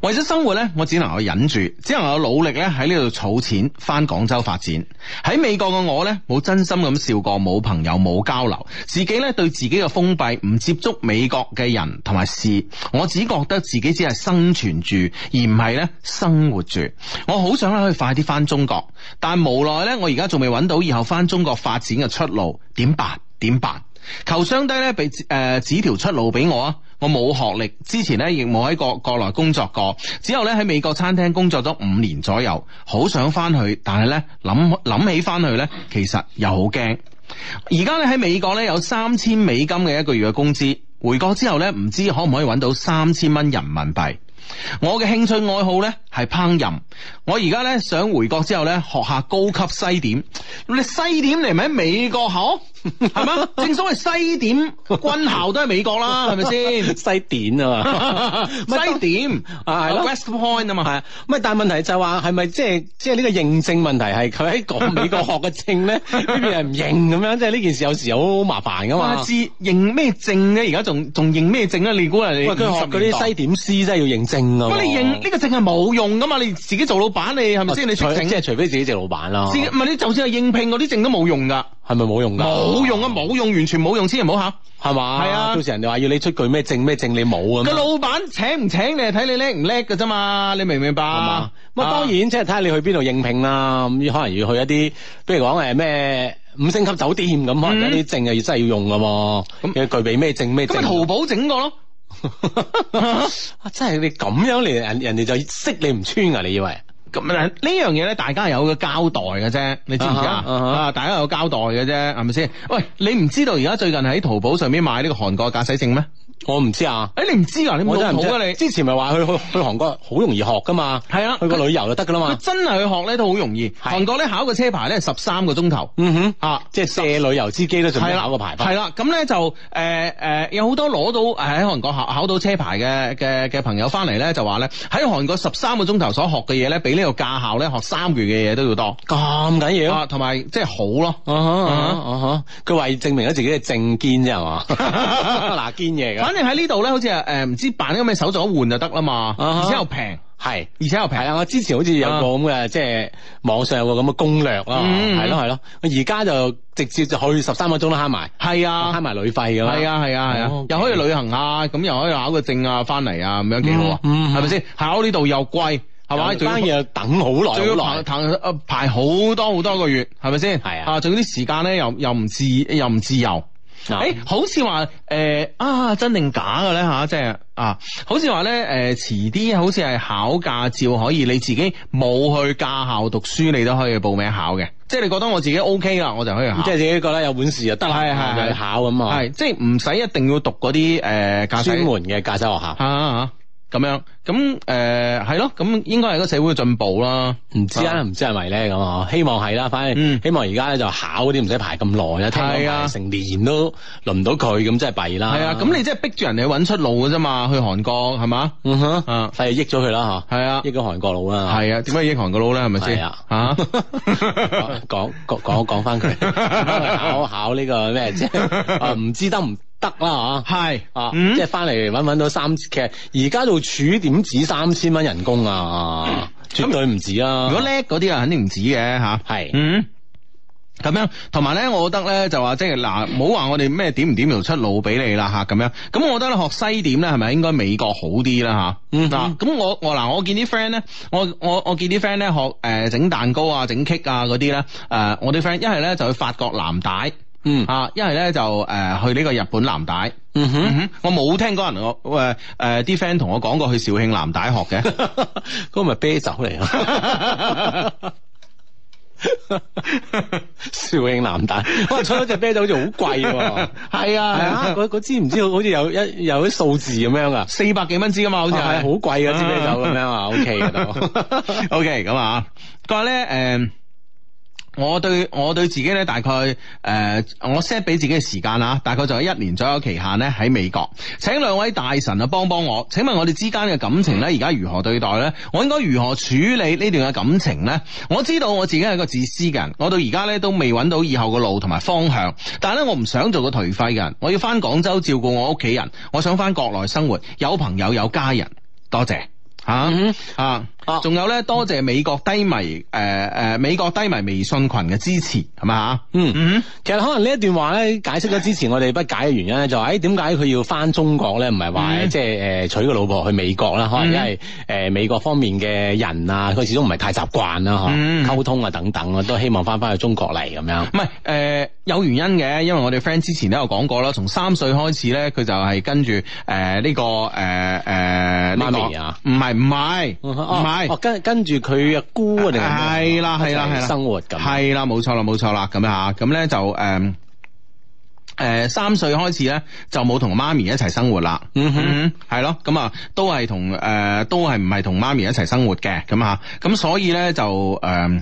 為咗生活咧，我只能去忍住，只能去努力咧喺呢度儲錢翻廣州發展。喺美國嘅我呢，冇真心咁笑過，冇朋友，冇交流，自己呢，對自己嘅封閉，唔接觸美國嘅人同埋事，我只覺得自己只係生存住，而唔係呢生活住。我好想咧可以快啲翻中國，但係無奈呢，我而家仲未揾到以後翻中國發展嘅出路，點辦？點辦？求上帝呢，俾、呃、誒指條出路俾我啊！我冇學歷，之前呢亦冇喺過國內工作過，之後呢喺美國餐廳工作咗五年左右，好想翻去，但係呢諗諗起翻去呢其實又好驚。而家呢喺美國呢，有三千美金嘅一個月嘅工資，回國之後呢，唔知可唔可以搵到三千蚊人民幣。我嘅興趣愛好呢係烹飪，我而家呢，想回國之後呢，學下高級西點。你西點嚟，咪喺美國學？係 嘛？正所謂西點軍校都係美國啦，係咪先？ 西點啊，嘛，西點 West Point 啊嘛。係咪、 啊？ 但係問題就話係咪即係即係呢個認證問題？係佢喺國美國學嘅證咧，呢邊係唔認咁樣。即係呢件事有時好麻煩噶嘛。知認咩證咧？而家仲仲認咩證咧？你估人哋佢啲西點師真係要認證啊。不過你認呢、這個證係冇用噶嘛？你自己做老闆，你係咪先？是是你識整？即係除，除非自己做老闆啦。唔係你就算係應聘嗰啲證都冇用噶，係咪冇用噶？是冇用啊，冇用，完全冇用，千祈唔好考，係嘛？係啊，到時人哋話要你出具咩證咩證，你冇啊。個老闆請唔請你睇你叻唔叻嘅啫嘛，你明唔明白？係嘛？咁啊，當然即係睇下你去邊度應聘啦，咁可能要去一啲，比如講誒咩五星級酒店咁，可能有啲證啊要真係要用噶，咁要具備咩證咩證。咁咪淘寶整過咯，真係你咁樣嚟，人人哋就識你唔穿啊，你以為？咁呢樣嘢咧，大家有個交代嘅啫，你知唔知啊？啊、uh，huh, uh huh. 大家有交代嘅啫，係咪先？喂，你唔知道而家最近喺淘寶上面買呢個韓國駕駛證咩？我唔知啊！哎，你唔知啊？你冇得唔好噶你？之前咪話去去去韓國好容易學噶嘛？係啊，去個旅遊就得噶啦嘛？真係去學咧都好容易。韓國咧考個車牌咧十三個鐘頭。嗯哼，啊，即係借旅遊之機咧，仲要考個牌。牌。係啦，咁咧就誒誒，有好多攞到誒喺韓國考考到車牌嘅嘅嘅朋友翻嚟咧，就話咧喺韓國十三個鐘頭所學嘅嘢咧，比呢個駕校咧學三個月嘅嘢都要多。咁緊要？啊，同埋即係好咯。啊哈啊哈啊哈！佢話證明咗自己嘅正堅啫，係嘛？嗱，堅嘢噶。反正喺呢度咧，好似誒唔知辦啲咩手續一換就得啦嘛，而且又平，係而且又平。啊，我之前好似有個咁嘅，即係網上有個咁嘅攻略啦，係咯係咯。而家就直接就去十三個鐘都慳埋，係啊，慳埋旅費㗎嘛。係啊係啊係啊，又可以旅行啊，咁又可以考個證啊，翻嚟啊咁樣幾好啊，係咪先？考呢度又貴，係嘛？仲要等好耐，又要排排好多好多個月，係咪先？係啊，仲要啲時間咧，又又唔自又唔自由。誒、嗯欸，好似話誒啊，真定假嘅咧吓，即、啊、係啊，好似話咧誒，遲、欸、啲好似係考駕照可以，你自己冇去駕校讀書，你都可以報名考嘅。即係你覺得我自己 OK 啦，我就可以考。即係自己覺得有本事就得啦，係係考咁啊。係即係唔使一定要讀嗰啲誒，專、呃、門嘅駕駛學校。吓吓。咁樣，咁誒係咯，咁應該係個社會嘅進步啦。唔知啊，唔知係咪咧咁啊，希望係啦。反正希望而家咧就考嗰啲唔使排咁耐啊。係啊，成年都輪唔到佢，咁真係弊啦。係啊，咁你即係逼住人哋去揾出路嘅啫嘛。去韓國係嘛，嗯哼，啊，費事益咗佢啦吓。係啊，益咗韓國佬啊。係啊，點解益韓國佬咧？係咪先？吓，講講講講翻佢，考考呢個咩啫？啊，唔知得唔？得啦嚇，係啊，是嗯、即係翻嚟揾揾到三千。其實而家做廚點止三千蚊人工啊？嗯、絕對唔止啊！如果叻嗰啲啊，肯定唔止嘅吓。係、啊、是嗯，咁樣同埋咧，我覺得咧就話即係嗱，唔好話我哋咩點唔點就出路俾你啦吓，咁、啊、樣。咁我覺得咧學西點咧係咪應該美國好啲、啊嗯嗯啊、啦吓？嗱，咁我我嗱我見啲 friend 咧，我我我見啲 friend 咧學誒整、呃、蛋糕啊、整 cake 啊嗰啲咧誒，我啲 friend 一係咧就去法國藍帶。嗯啊，因為咧就誒、呃、去呢個日本南大、嗯哼嗯，我冇聽過人我誒誒啲 friend 同我講過去肇慶南大學嘅，嗰 個咪啤酒嚟？ 南 啊？肇慶南大，我睇咗隻啤酒好似好貴喎。係 啊，係啊，嗰支唔知好似有一有一數字咁樣噶，四百幾蚊支噶嘛，好似係、啊啊、好貴嘅支啤酒咁樣啊？O K，都 O K，咁啊，但係咧誒。嗯那個我對我對自己咧，大概誒、呃，我 set 俾自己嘅時間啊，大概就係一年左右期限咧喺美國，請兩位大神啊幫幫我，請問我哋之間嘅感情咧，而家如何對待呢？我應該如何處理呢段嘅感情呢？我知道我自己係一個自私嘅人，我到而家咧都未揾到以後嘅路同埋方向，但係咧我唔想做個頹廢嘅人，我要翻廣州照顧我屋企人，我想翻國內生活，有朋友有家人，多謝。吓啊！仲、啊、有咧，多謝美國低迷誒誒、呃，美國低迷微信群嘅支持，係咪啊？嗯嗯，嗯其實可能呢一段話咧，解釋咗之前我哋不解嘅原因咧、就是，就係誒點解佢要翻中國咧？唔係話即係誒、呃、娶個老婆去美國啦，可能因為誒美國方面嘅人啊，佢始終唔係太習慣啦，嗬、啊，溝、嗯、通啊等等，我都希望翻翻去中國嚟咁樣。唔係誒有原因嘅，因為我哋 friend 之前都有講過啦，從三歲開始咧，佢就係跟住誒呢個誒誒媽咪啊，唔係。唔係，唔係，跟跟住佢阿姑，我哋係啦，係啦、啊，係啦、啊，啊、生活咁，係啦、啊，冇錯啦，冇錯啦，咁樣吓，咁咧就誒誒、呃呃、三歲開始咧就冇同媽咪一齊生活啦，嗯哼，係咯、嗯，咁啊都係同誒都係唔係同媽咪一齊生活嘅，咁吓，咁所以咧就誒。呃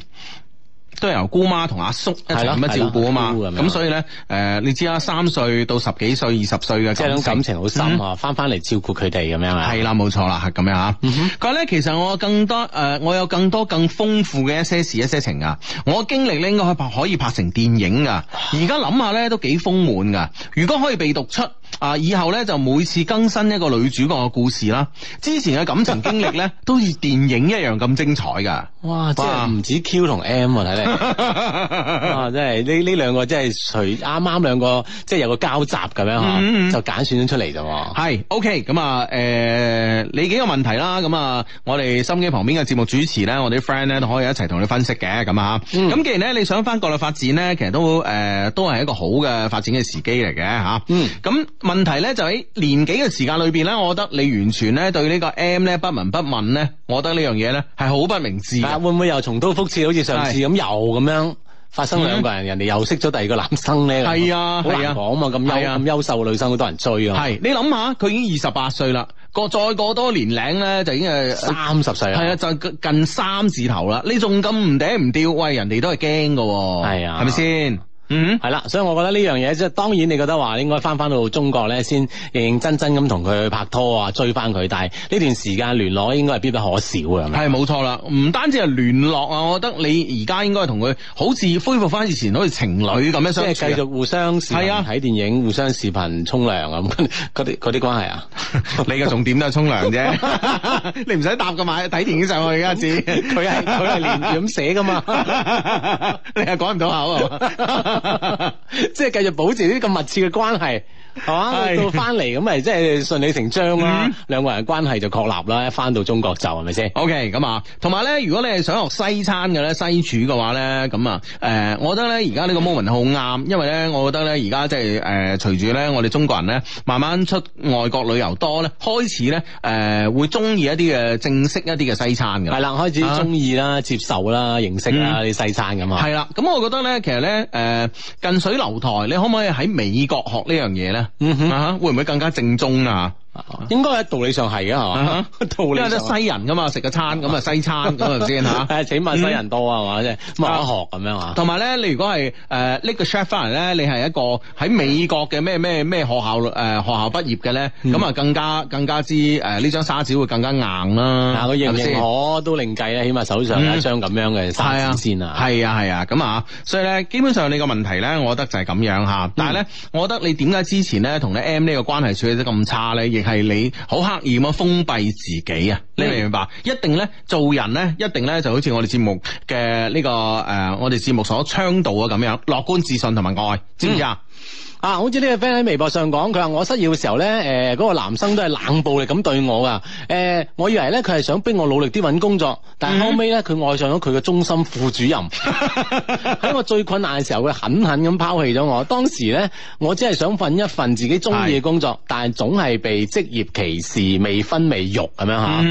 都係由姑媽同阿叔一齊咁樣照顧啊嘛，咁所以咧，誒、嗯嗯，你知啦，三歲到十幾歲、二十歲嘅感情好、嗯、深啊，返返嚟照顧佢哋咁樣啊，係、嗯、啦，冇錯啦，係咁樣啊。佢咧其實我更多誒、呃，我有更多更豐富嘅一些事、一些情啊。我經歷咧應該可拍可以拍成電影噶。而家諗下咧都幾豐滿噶，如果可以被讀出。啊！以後咧就每次更新一個女主角嘅故事啦，之前嘅感情經歷咧 都似電影一樣咁精彩噶。哇！即係唔止 Q 同 M 啊，睇嚟，啊，即係呢呢兩個即係隨啱啱兩個即係有個交集咁樣，就揀選咗出嚟就係 OK。咁啊，誒、嗯 okay, 呃，你幾個問題啦？咁啊，我哋心機旁邊嘅節目主持咧，我哋啲 friend 咧都可以一齊同你分析嘅。咁啊，咁既然咧你想翻國內發展咧，其實都誒、呃、都係一個好嘅發展嘅時機嚟嘅吓。咁。問題咧就喺年幾嘅時間裏邊咧，我覺得你完全咧對呢個 M 咧不聞不問咧，我覺得呢樣嘢咧係好不明智。會唔會又重蹈覆轍，好似上次咁又咁樣是發生兩個人，嗯、人哋又識咗第二個男生咧？係啊，好難講啊，咁優咁優秀嘅女生，好多人追啊。係你諗下，佢已經二十八歲啦，過再過多年齡咧就已經係三十歲啦。係啊，就近三字頭啦，你仲咁唔嗲唔吊喂，人哋都係驚噶，係咪先？嗯，係啦、mm hmm.，所以我覺得呢樣嘢即係當然，你覺得話應該翻翻到中國咧，先認認真真咁同佢拍拖啊，追翻佢。但係呢段時間聯絡應該係必不可少嘅，係咪？係冇錯啦，唔單止係聯絡啊，我覺得你而家應該同佢好似恢復翻以前好似情侶咁樣相處。即係繼續互相視頻，係啊，睇電影、互相視頻、沖涼咁，嗰啲嗰啲關係啊？ 你嘅重點都係沖涼啫， 你唔使答嘅嘛？睇電影上去，而家先，佢係佢係連住咁寫噶嘛， 你係講唔到口啊？ 即係繼續保持呢啲咁密切嘅關係，係嘛、啊、到翻嚟咁咪即係順理成章啦。兩、嗯、個人嘅關係就確立啦。一翻到中國就係咪先？OK，咁啊，同埋咧，如果你係想學西餐嘅咧，西廚嘅話咧，咁啊，誒，我覺得咧而家呢個 moment 好啱，因為咧，我覺得咧而家即係誒，隨住咧我哋中國人咧慢慢出外國旅遊多咧，開始咧誒、呃、會中意一啲嘅正式一啲嘅西餐嘅係啦，開始中意啦、啊、接受啦、認識下啲西餐咁啊。係啦、嗯，咁我覺得咧，其實咧誒。近水樓台，你可唔可以喺美國學呢樣嘢咧？啊、mm，hmm. uh huh. 會唔會更加正宗啊？應該喺道理上係嘅，係嘛，因為西人噶嘛食個餐咁啊，西餐咁樣先吓。誒，請問西人多係嘛，即係學一學咁樣啊。同埋咧，你如果係誒拎個 check 翻嚟咧，你係一個喺美國嘅咩咩咩學校誒學校畢業嘅咧，咁啊更加更加之誒呢張砂紙會更加硬啦。我都另計咧，起碼手上有一張咁樣嘅砂紙先啊。係啊，係啊，咁啊，所以咧基本上你個問題咧，我覺得就係咁樣吓。但係咧，我覺得你點解之前咧同你 M 呢個關係處理得咁差咧？係你好刻意咁樣封閉自己啊！你明唔明白，嗯一定咧？一定咧做人咧，一定咧就好似我哋節目嘅呢、這個誒、呃，我哋節目所倡導啊咁樣，樂觀、自信同埋愛，知唔知啊？嗯啊，好似呢個 friend 喺微博上講，佢話我失業嘅時候呢誒嗰個男生都係冷暴力咁對我噶。誒、呃，我以為呢，佢係想逼我努力啲揾工作，但係後尾呢佢愛上咗佢嘅中心副主任，喺 我最困難嘅時候佢狠狠咁拋棄咗我。當時呢，我只係想搵一份自己中意嘅工作，是但係總係被職業歧視、未婚未育咁樣吓。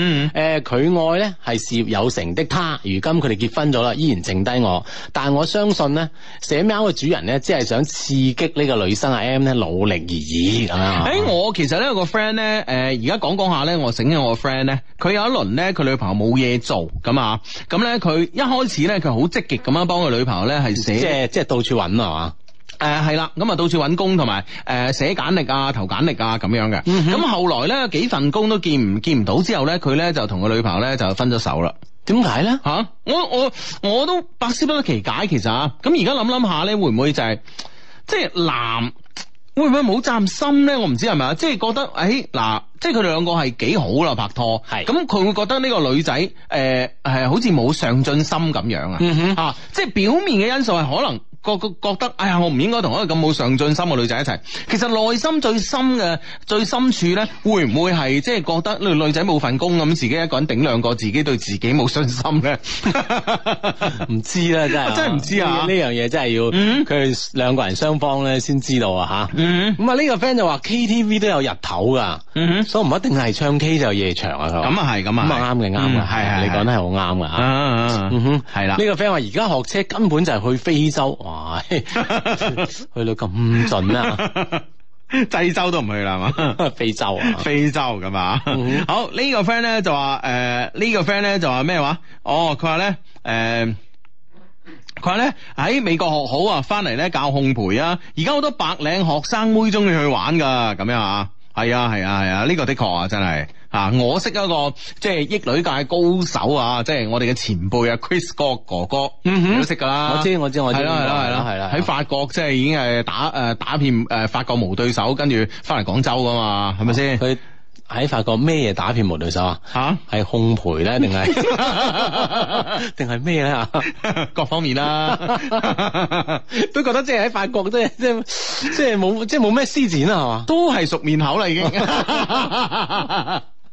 誒，佢、 呃、愛呢係事業有成的他，如今佢哋結婚咗啦，依然剩低我。但係我相信呢，寫貓嘅主人呢，只係想刺激呢個女生。真係 M 咧，努力而已咁啊！誒、哎，我其實咧個 friend 咧，誒而家講講下咧，我醒起我個 friend 咧，佢有一輪咧，佢女朋友冇嘢做咁啊，咁咧佢一開始咧，佢好積極咁樣幫佢女朋友咧係寫，即係即係到處揾啊嘛，誒係啦，咁啊、嗯、到處揾工同埋誒寫簡歷啊、投簡歷啊咁樣嘅，咁、嗯、哼後來咧幾份工都見唔見唔到之後咧，佢咧就同個女朋友咧就分咗手啦。點解咧嚇？我我我都百思不得其解其實啊，咁而家諗諗下咧，會唔會就係、是？即係男會唔會冇責任心咧？我唔知係咪啊！即係覺得誒，嗱，即係佢哋兩個係幾好啦，拍拖。係咁是，佢會覺得呢個女仔誒，係、呃、好似冇上進心咁樣、嗯、哼啊！吓，即係表面嘅因素係可能。個個覺得，哎呀，我唔應該同一個咁冇上進心嘅女仔一齊。其實內心最深嘅、最深處咧，會唔會係即係覺得女女仔冇份工咁，自己一個人頂兩個，自己對自己冇信心咧？唔知啦，真係真係唔知啊！呢樣嘢真係要佢哋兩個人雙方咧先知道啊！吓，咁啊呢個 friend 就話 KTV 都有日頭噶，所以唔一定係唱 K 就有夜場啊！咁啊係，咁啊係，啱嘅，啱嘅，係係，你講得係好啱噶啊！係啦。呢個 friend 話而家學車根本就係去非洲。去到咁準啊！濟 州都唔去啦嘛， 非洲啊， 非洲咁的啊！ 好、這個、呢、呃這個 friend 咧就話誒，呢個 friend 咧就話咩話？哦，佢話咧誒，佢話咧喺美國學好啊，翻嚟咧教烘培啊！而家好多白領學生妹中意去玩噶，咁樣啊？係啊，係啊，係啊，呢、啊這個的確啊，真係。啊！我識一個即係益女界高手啊，即係我哋嘅前輩啊，Chris 哥哥哥，嗯、哼都識噶啦我？我知我知我知，係啦係啦係啦，喺、啊啊啊啊啊、法國即係已經係打誒打遍誒、呃、法國無對手，跟住翻嚟廣州噶嘛，係咪先？佢喺法國咩嘢打遍無對手啊？吓、啊，係烘焙咧，定係定係咩咧？各方面啦、啊， 都覺得即係喺法國即即即都即係即係冇即係冇咩施展啊？係嘛，都係熟面口啦，已經。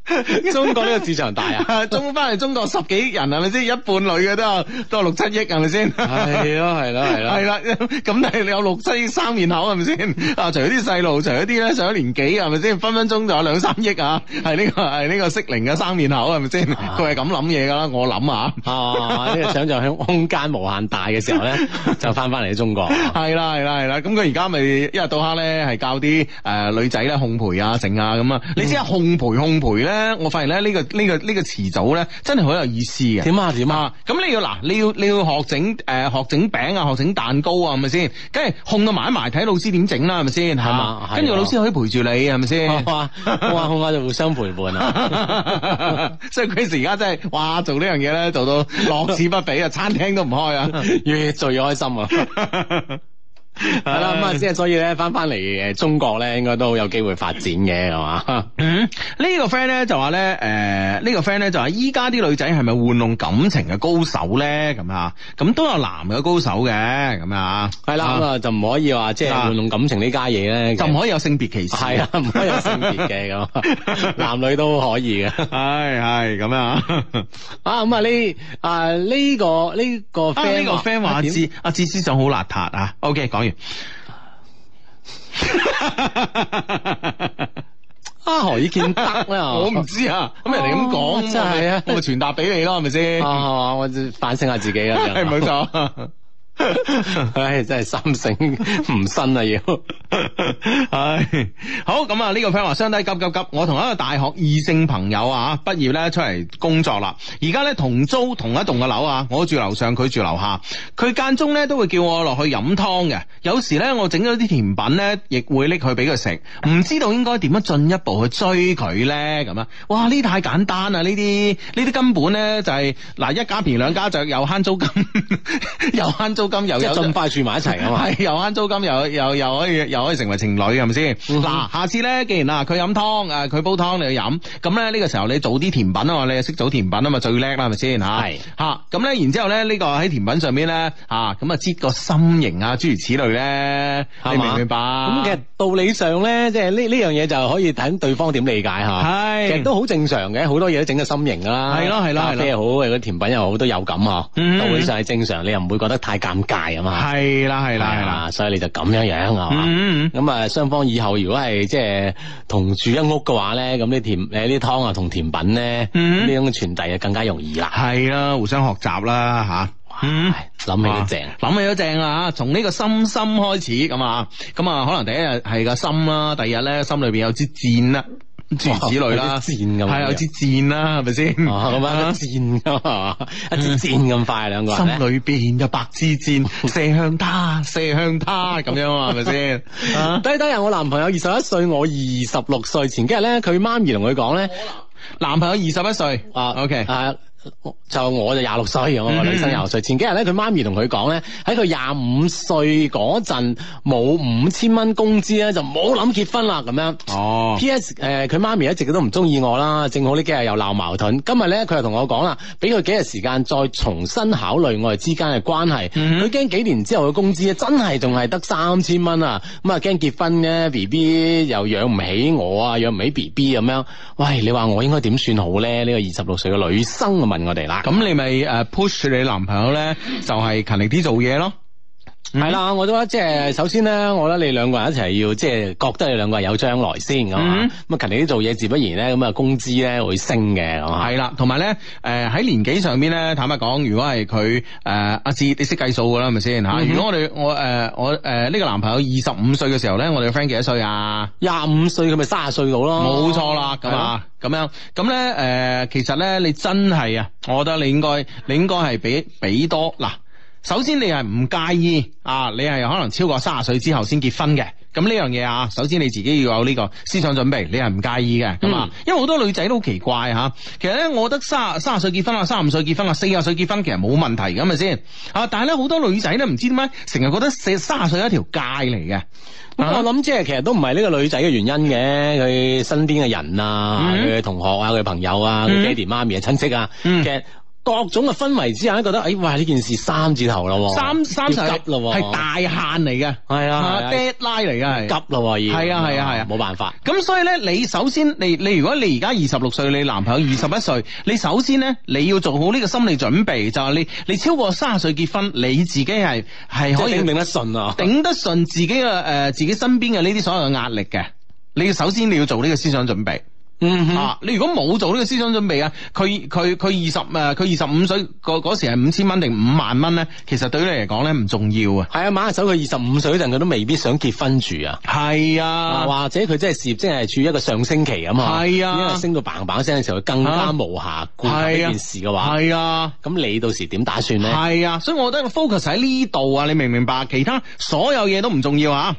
中國呢個市場大啊， 中翻嚟中國十幾億人係咪先？一半女嘅都有，都有六七億係咪先？係咯係咯係咯。係啦， 咁但係你有六七億生面口係咪先？啊，除咗啲細路，除咗啲咧上咗年紀係咪先？分分鐘就有兩三億啊！係呢個係呢個適齡嘅生面口係咪先？佢係咁諗嘢噶啦，我諗啊，啊呢個想象空空間無限大嘅時候咧， 就翻翻嚟中國。係啦係啦係啦，咁佢而家咪一日到黑咧係教啲誒女仔咧烘焙啊剩啊咁啊，你知啊烘焙，烘焙咧。咧，我發現咧、這、呢個呢、這個呢、這個詞組咧，真係好有意思嘅。點啊點啊，咁你要嗱你要你要學整誒學整餅啊學整蛋糕啊，係咪先？梗係控到埋埋睇老師點整啦，係咪先？係嘛，跟住老師可以陪住你，係咪先？哇哇，好快就互相陪伴啊。 所以佢 r 而家真係哇，做呢樣嘢咧做到樂此不疲啊，餐廳都唔開啊， 越做越開心啊。 係啦，咁啊，即係所以咧，返返嚟誒，中國咧，應該都好有機會發展嘅，係嘛？呢個 friend 咧就話咧，誒，呢個 friend 咧就話，依家啲女仔係咪玩弄感情嘅高手咧？咁啊，咁都有男嘅高手嘅，咁啊，係啦，咁啊，就唔可以話即係玩弄感情呢家嘢咧，就唔可以有性別歧視，係啊，唔可以有性別嘅，咁男女都可以嘅，係係咁樣啊，啊，咁啊呢啊呢個呢個 friend 呢個 friend 話阿志阿志思想好邋遢啊，OK，講啊，何以見得啊？我唔知啊，咁人哋咁講，真係啊，我咪傳達俾你咯，係咪先？啊，我反省下自己啦，係冇錯。唉、 哎，真係三性唔新啊！要，唉，好咁啊！呢個 friend 話相睇，急急急，我同一個大學異性朋友啊，畢業呢出嚟，工作啦，而家呢，同租同一棟嘅樓啊，我住樓上，佢住樓下，佢間中呢，都會叫我落去飲湯嘅，有時呢，我整咗啲甜品呢，亦會拎去俾佢食，唔知道應該點樣進一步去追佢呢？咁樣！哇，呢太簡單啦！呢啲呢啲根本呢，就係、是、嗱，一家平兩家就又慳租金，又 慳租金。租又有，即快住埋一齊啊嘛！係，又揾租金，又又又可以，又可以成為情侶，係咪先？嗱，下次咧，既然啊，佢飲湯啊，佢煲湯你去飲，咁咧呢個時候你做啲甜品啊嘛，你又識做甜品啊嘛，最叻啦，係咪先嚇？係嚇，咁咧然之後咧，呢個喺甜品上邊咧嚇，咁啊擠個心形啊，諸如此類咧，你明唔明白？咁其實道理上咧，即係呢呢樣嘢就可以睇對方點理解嚇。係，其實都好正常嘅，好多嘢都整個心形啦。係啦係啦，咖啡又好，有個甜品又好，都有咁啊。道理上係正常，你又唔會覺得太尷。界咁啊，係啦係啦係啦，所以你就咁樣樣係嘛，咁啊雙方以後如果係即係同住一屋嘅話咧，咁啲甜誒啲湯啊同甜品咧，呢、嗯、種嘅傳遞啊更加容易啦。係啊，互相學習啦吓，諗、啊、起都正，諗哇起都正啊吓。從呢個心心開始咁啊，咁啊可能第一日係個心啦，第二日咧心裏邊有支箭啦。諸如此類啦，箭咁係有支箭啦，係咪先？咁樣一支箭咁，一支箭咁快，兩個人心裏邊有百支箭射向他，射向他咁樣啊，係咪先？第單日我男朋友二十一歲，我二十六歲前，幾日咧佢媽咪同佢講咧，男朋友二十一歲，啊，OK，係。就我就廿六歲，我、那個女生廿六歲。前幾日咧，佢媽咪同佢講咧，喺佢廿五歲嗰陣冇五千蚊工資咧，就冇諗結婚啦。咁樣哦。Oh. P.S. 唉、呃，佢媽咪一直都唔中意我啦。正好呢幾日又鬧矛盾。今日咧，佢又同我講啦，俾佢幾日時間再重新考慮我哋之間嘅關係。佢驚、mm hmm. 幾年之後嘅工資咧，真係仲係得三千蚊啊！咁啊，驚結婚嘅 B B 又養唔起我啊，養唔起 B B 咁樣。喂，你話我應該點算好咧？呢、這個二十六歲嘅女生。問我哋啦，咁你咪誒 push 住你男朋友咧，就係勤力啲做嘢咯。係啦，mm hmm.，我覺得即係首先咧，我覺得你兩個人一齊要即係、就是、覺得你兩個人有將來先，咁啊，mm，咁、hmm. 勤力啲做嘢，自不然咧咁啊，工資咧會升嘅。係啦，同埋咧誒喺年紀上邊咧，坦白講，如果係佢誒阿志，你識計數㗎啦，係咪先吓？Mm hmm. 如果我哋我誒、呃、我誒呢、呃這個男朋友二十五歲嘅時候咧，我哋嘅 friend 幾多歲啊？廿五歲佢咪卅歲到咯？冇錯啦，咁啊，咁樣咁咧誒，其實咧你真係啊，我覺得你應該你應該係俾俾多嗱。首先你係唔介意啊，你係可能超過三十歲之後先結婚嘅，咁呢樣嘢啊，首先你自己要有呢個思想準備，你係唔介意嘅，咁啊、嗯，因為好多女仔都好奇怪吓，其實咧，我覺得三三十歲結婚啊，三十五歲結婚啊，四十歲結婚其實冇問題咁咪先，吓，但係咧好多女仔咧唔知點解成日覺得四三十歲係一條界嚟嘅，我諗即係其實都唔係呢個女仔嘅原因嘅，佢身邊嘅人啊，佢、嗯、同學啊，佢朋友啊，佢爹哋媽咪嘅親戚啊，嗯、其實。各種嘅氛圍之下，覺得誒、哎，哇！呢件事三字頭咯，三三十歲啦，係大限嚟嘅，係啊，deadline 嚟嘅，係急啦，而係啊，係啊，係啊，冇辦法。咁所以咧，你首先，你你如果你而家二十六歲，你男朋友二十一歲，你首先咧，你要做好呢個心理準備。嗱、就係，你你超過三十歲結婚，你自己係係可以頂得順啊，頂得順自己嘅誒、呃，自己身邊嘅呢啲所有嘅壓力嘅。你首先你要做呢個思想準備。嗯啊！你如果冇做呢個思想準備20，啊，佢佢佢二十誒，佢二十五歲嗰嗰時係五千蚊定五萬蚊咧，其實對你嚟講咧唔重要啊。係啊，買下手佢二十五歲嗰陣，佢都未必想結婚住啊。係啊，或者佢真係事業真係處於一個上升期啊嘛。係啊，因為升到棒棒聲嘅時候，佢更加無暇顧呢件事嘅話。係啊，咁、啊、你到時點打算咧？係啊，所以我覺得 focus 喺呢度啊，你明唔明白？其他所有嘢都唔重要啊。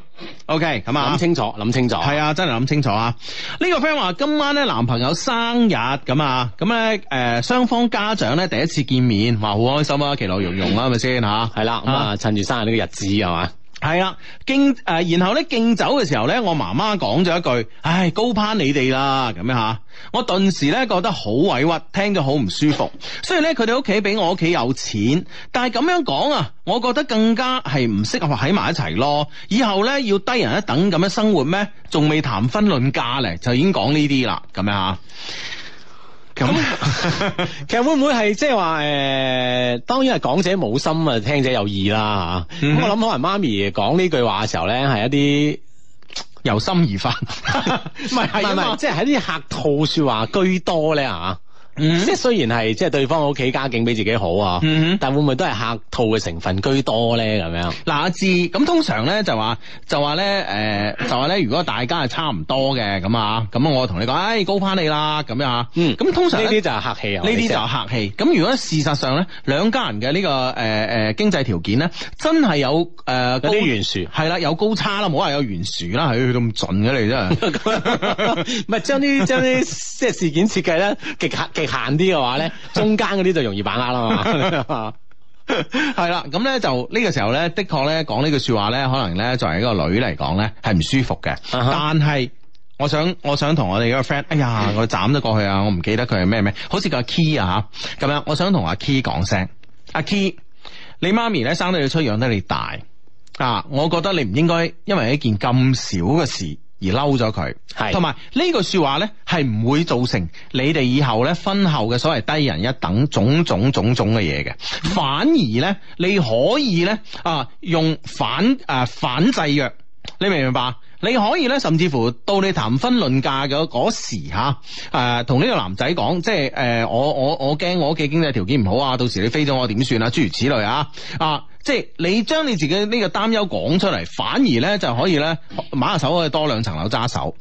O K，咁啊，諗、okay, 清楚，諗清楚，係 啊，真係諗清楚啊！呢、呢個 friend 話今晚咧男朋友生日，咁啊，咁咧誒雙方家長咧第一次見面，話好開心啊，其樂融融啊，係咪先吓？係 啦，咁啊，啊、嗯、啊趁住生日呢個日子係嘛。係啦，敬誒、呃，然後咧敬酒嘅時候咧，我媽媽講咗一句：唉，高攀你哋啦，咁樣吓。我頓時咧覺得好委屈，聽咗好唔舒服。雖然咧佢哋屋企比我屋企有錢，但係咁樣講啊，我覺得更加係唔適合喺埋一齊咯。以後咧要低人一等咁樣生活咩？仲未談婚論嫁咧，就已經講呢啲啦，咁樣吓。咁，這 其實會唔會係即係話誒，當然係講者冇心啊，聽者有意啦嚇。啊嗯、哼我諗可能媽咪講呢句話嘅時候咧，係一啲由心而發，唔係唔係，即係喺啲客套説話居多咧嚇。啊即係、嗯、雖然係即係對方屋企家境比自己好啊，嗯、哼但會唔會都係客套嘅成分居多咧？咁樣嗱，阿志咁通常咧就話就話咧誒，就話咧、呃、如果大家係差唔多嘅咁啊，咁我同你講，誒、哎、高攀你啦咁樣啊，咁、嗯、通常呢啲就係客氣啊，呢啲就係客氣。咁如果事實上咧，兩家人嘅、這個呃、呢個誒誒經濟條件咧，真係有誒、呃、有啲懸殊係啦，有高差啦，冇好話有懸殊啦，係去咁盡嘅你真係唔係將啲將啲即係事件設計咧極客。閒啲嘅話呢，中間嗰啲就容易把握啦嘛。係啦， 咁呢就呢個時候呢，的確呢講呢句說話呢，可能呢作為一個女嚟講呢，係唔舒服嘅。Uh huh. 但係我想我想同我哋嗰個 friend，哎呀，我斬咗過去啊！我唔記得佢係咩咩，好似個 key 啊，咁樣。我想同阿 key 講聲，阿 key，你媽咪呢？生得你出，養得你大啊！我覺得你唔應該因為一件咁小嘅事。而嬲咗佢，係同埋呢個說話呢係唔會造成你哋以後呢婚後嘅所謂低人一等種種種種嘅嘢嘅，反而呢，你可以呢啊用反啊反制藥，你明唔明白？你可以呢，甚至乎到你談婚論嫁嘅嗰時吓，誒同呢個男仔講，即係誒、呃、我我我驚我屋企經濟條件唔好啊，到時你飛咗我點算啊？諸如此類啊啊！即係你將你自己呢個擔憂講出嚟，反而咧就可以咧，馬下手可以多兩層樓揸手。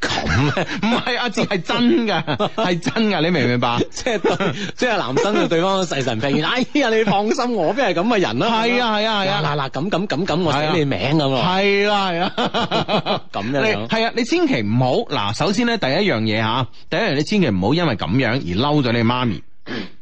咁啊，唔係啊，字係真噶，係真噶，你明唔明白？即係即係男生對對方細神平。哎呀，你放心，我邊係咁嘅人咯。係啊，係啊，係啊。嗱嗱咁咁咁咁，我寫你名咁咯。係啦，係啦。咁樣，係啊，你千祈唔好嗱。首先咧，第一樣嘢，吓，第一樣你千祈唔好因為咁樣而嬲咗你媽咪。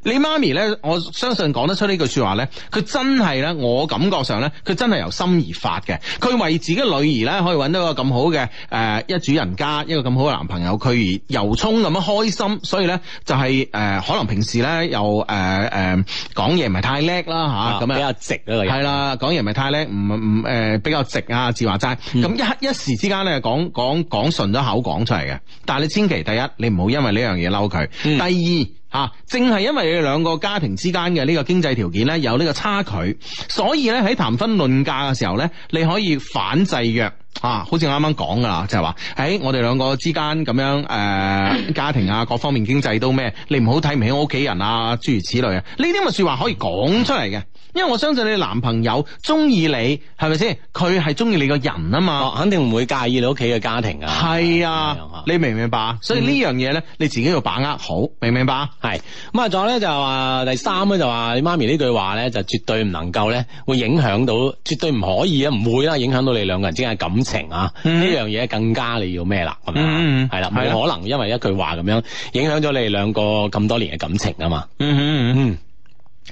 你媽咪咧，我相信講得出呢句說話咧，佢真係咧，我感覺上咧，佢真係由心而發嘅。佢為自己女兒咧，可以揾到一個咁好嘅誒、呃，一主人家一個咁好嘅男朋友，佢而由衷咁樣開心，所以咧就係、是、誒、呃，可能平時咧又誒誒講嘢唔係太叻啦吓，咁、啊啊、樣比較直啊，係啦，講嘢唔係太叻，唔唔誒比較直啊，自話齋咁、嗯、一一時之間咧，講講講順咗口講出嚟嘅。但係你千祈第一，你唔好因為呢樣嘢嬲佢，嗯、第二。啊！正係因為你哋兩個家庭之間嘅呢個經濟條件咧有呢個差距，所以咧喺談婚論嫁嘅時候咧，你可以反制約。啊，好似我啱啱講噶啦，就係話喺我哋兩個之間咁樣誒、呃，家庭啊，各方面經濟都咩？你唔好睇唔起我屋企人啊，諸如此類啊。呢啲咪說話可以講出嚟嘅，因為我相信你男朋友中意你，係咪先？佢係中意你個人啊嘛，哦，肯定唔會介意你屋企嘅家庭啊。係啊，嗯，你明唔明白？嗯，所以呢樣嘢咧，你自己要把握好，明唔明白？係咁啊，仲有咧就話第三咧就話你媽咪呢句話咧，就絕對唔能夠咧，會影響到，絕對唔可以啊，唔會啦，影響到你兩個人之間咁。情啊，呢、嗯、樣嘢更加你要咩啦？咁樣係啦，唔係可能因為一句話咁樣影響咗你哋兩個咁多年嘅感情啊嘛。嗯嗯嗯，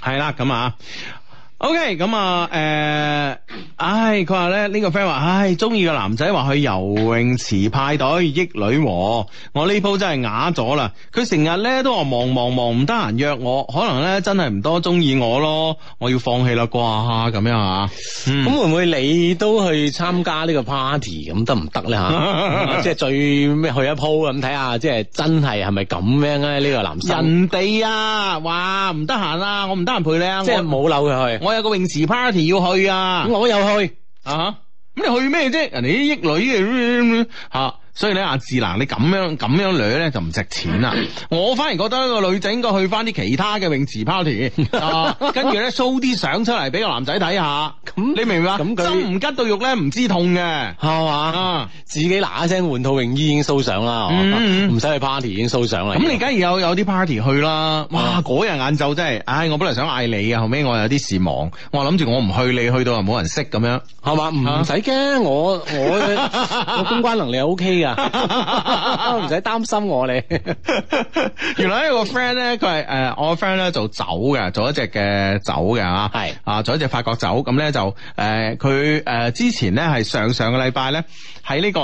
係啦咁啊。O.K. 咁啊，誒，唉，佢話咧，呢個 friend 話，唉，中意個男仔話去游泳池派對益女和，我呢鋪真係啞咗啦。佢成日咧都話忙忙忙，唔得閒約我，可能咧真係唔多中意我咯，我要放棄啦啩咁樣啊。咁會唔會你都去參加呢個 party 咁得唔得咧吓？即係最咩去一鋪咁睇下，即係真係係咪咁樣咧？呢個男生人哋啊話唔得閒啊，我唔得閒陪你啊，即係冇扭佢去。有個泳池 party 要去啊，我又去，uh huh，去啊，咁你去咩啫？人哋啲益女啊吓。所以咧，阿智嗱，你咁樣咁樣女咧就唔值錢啦。我反而覺得個女仔應該去翻啲其他嘅泳池 party，跟住咧 show 啲相出嚟俾個男仔睇下。咁你明唔明？咁佢針唔吉到肉咧，唔知痛嘅，係嘛？自己嗱一聲換套泳衣已經 show 相啦，唔使去 party 已經 show 相啦。咁你而家有有啲 party 去啦。哇，嗰日晏晝真係，唉，我本來想嗌你嘅，後尾我有啲事忙，我諗住我唔去，你去到又冇人識咁樣，係嘛？唔使驚，我我我公關能力 OK。唔使擔心我你。 原來呢個 friend 咧，佢係誒，我 friend 咧做酒嘅，做一隻嘅酒嘅啊，係啊是，做一隻法國酒咁咧就誒，佢、呃、誒之前咧係上上個禮拜咧喺呢個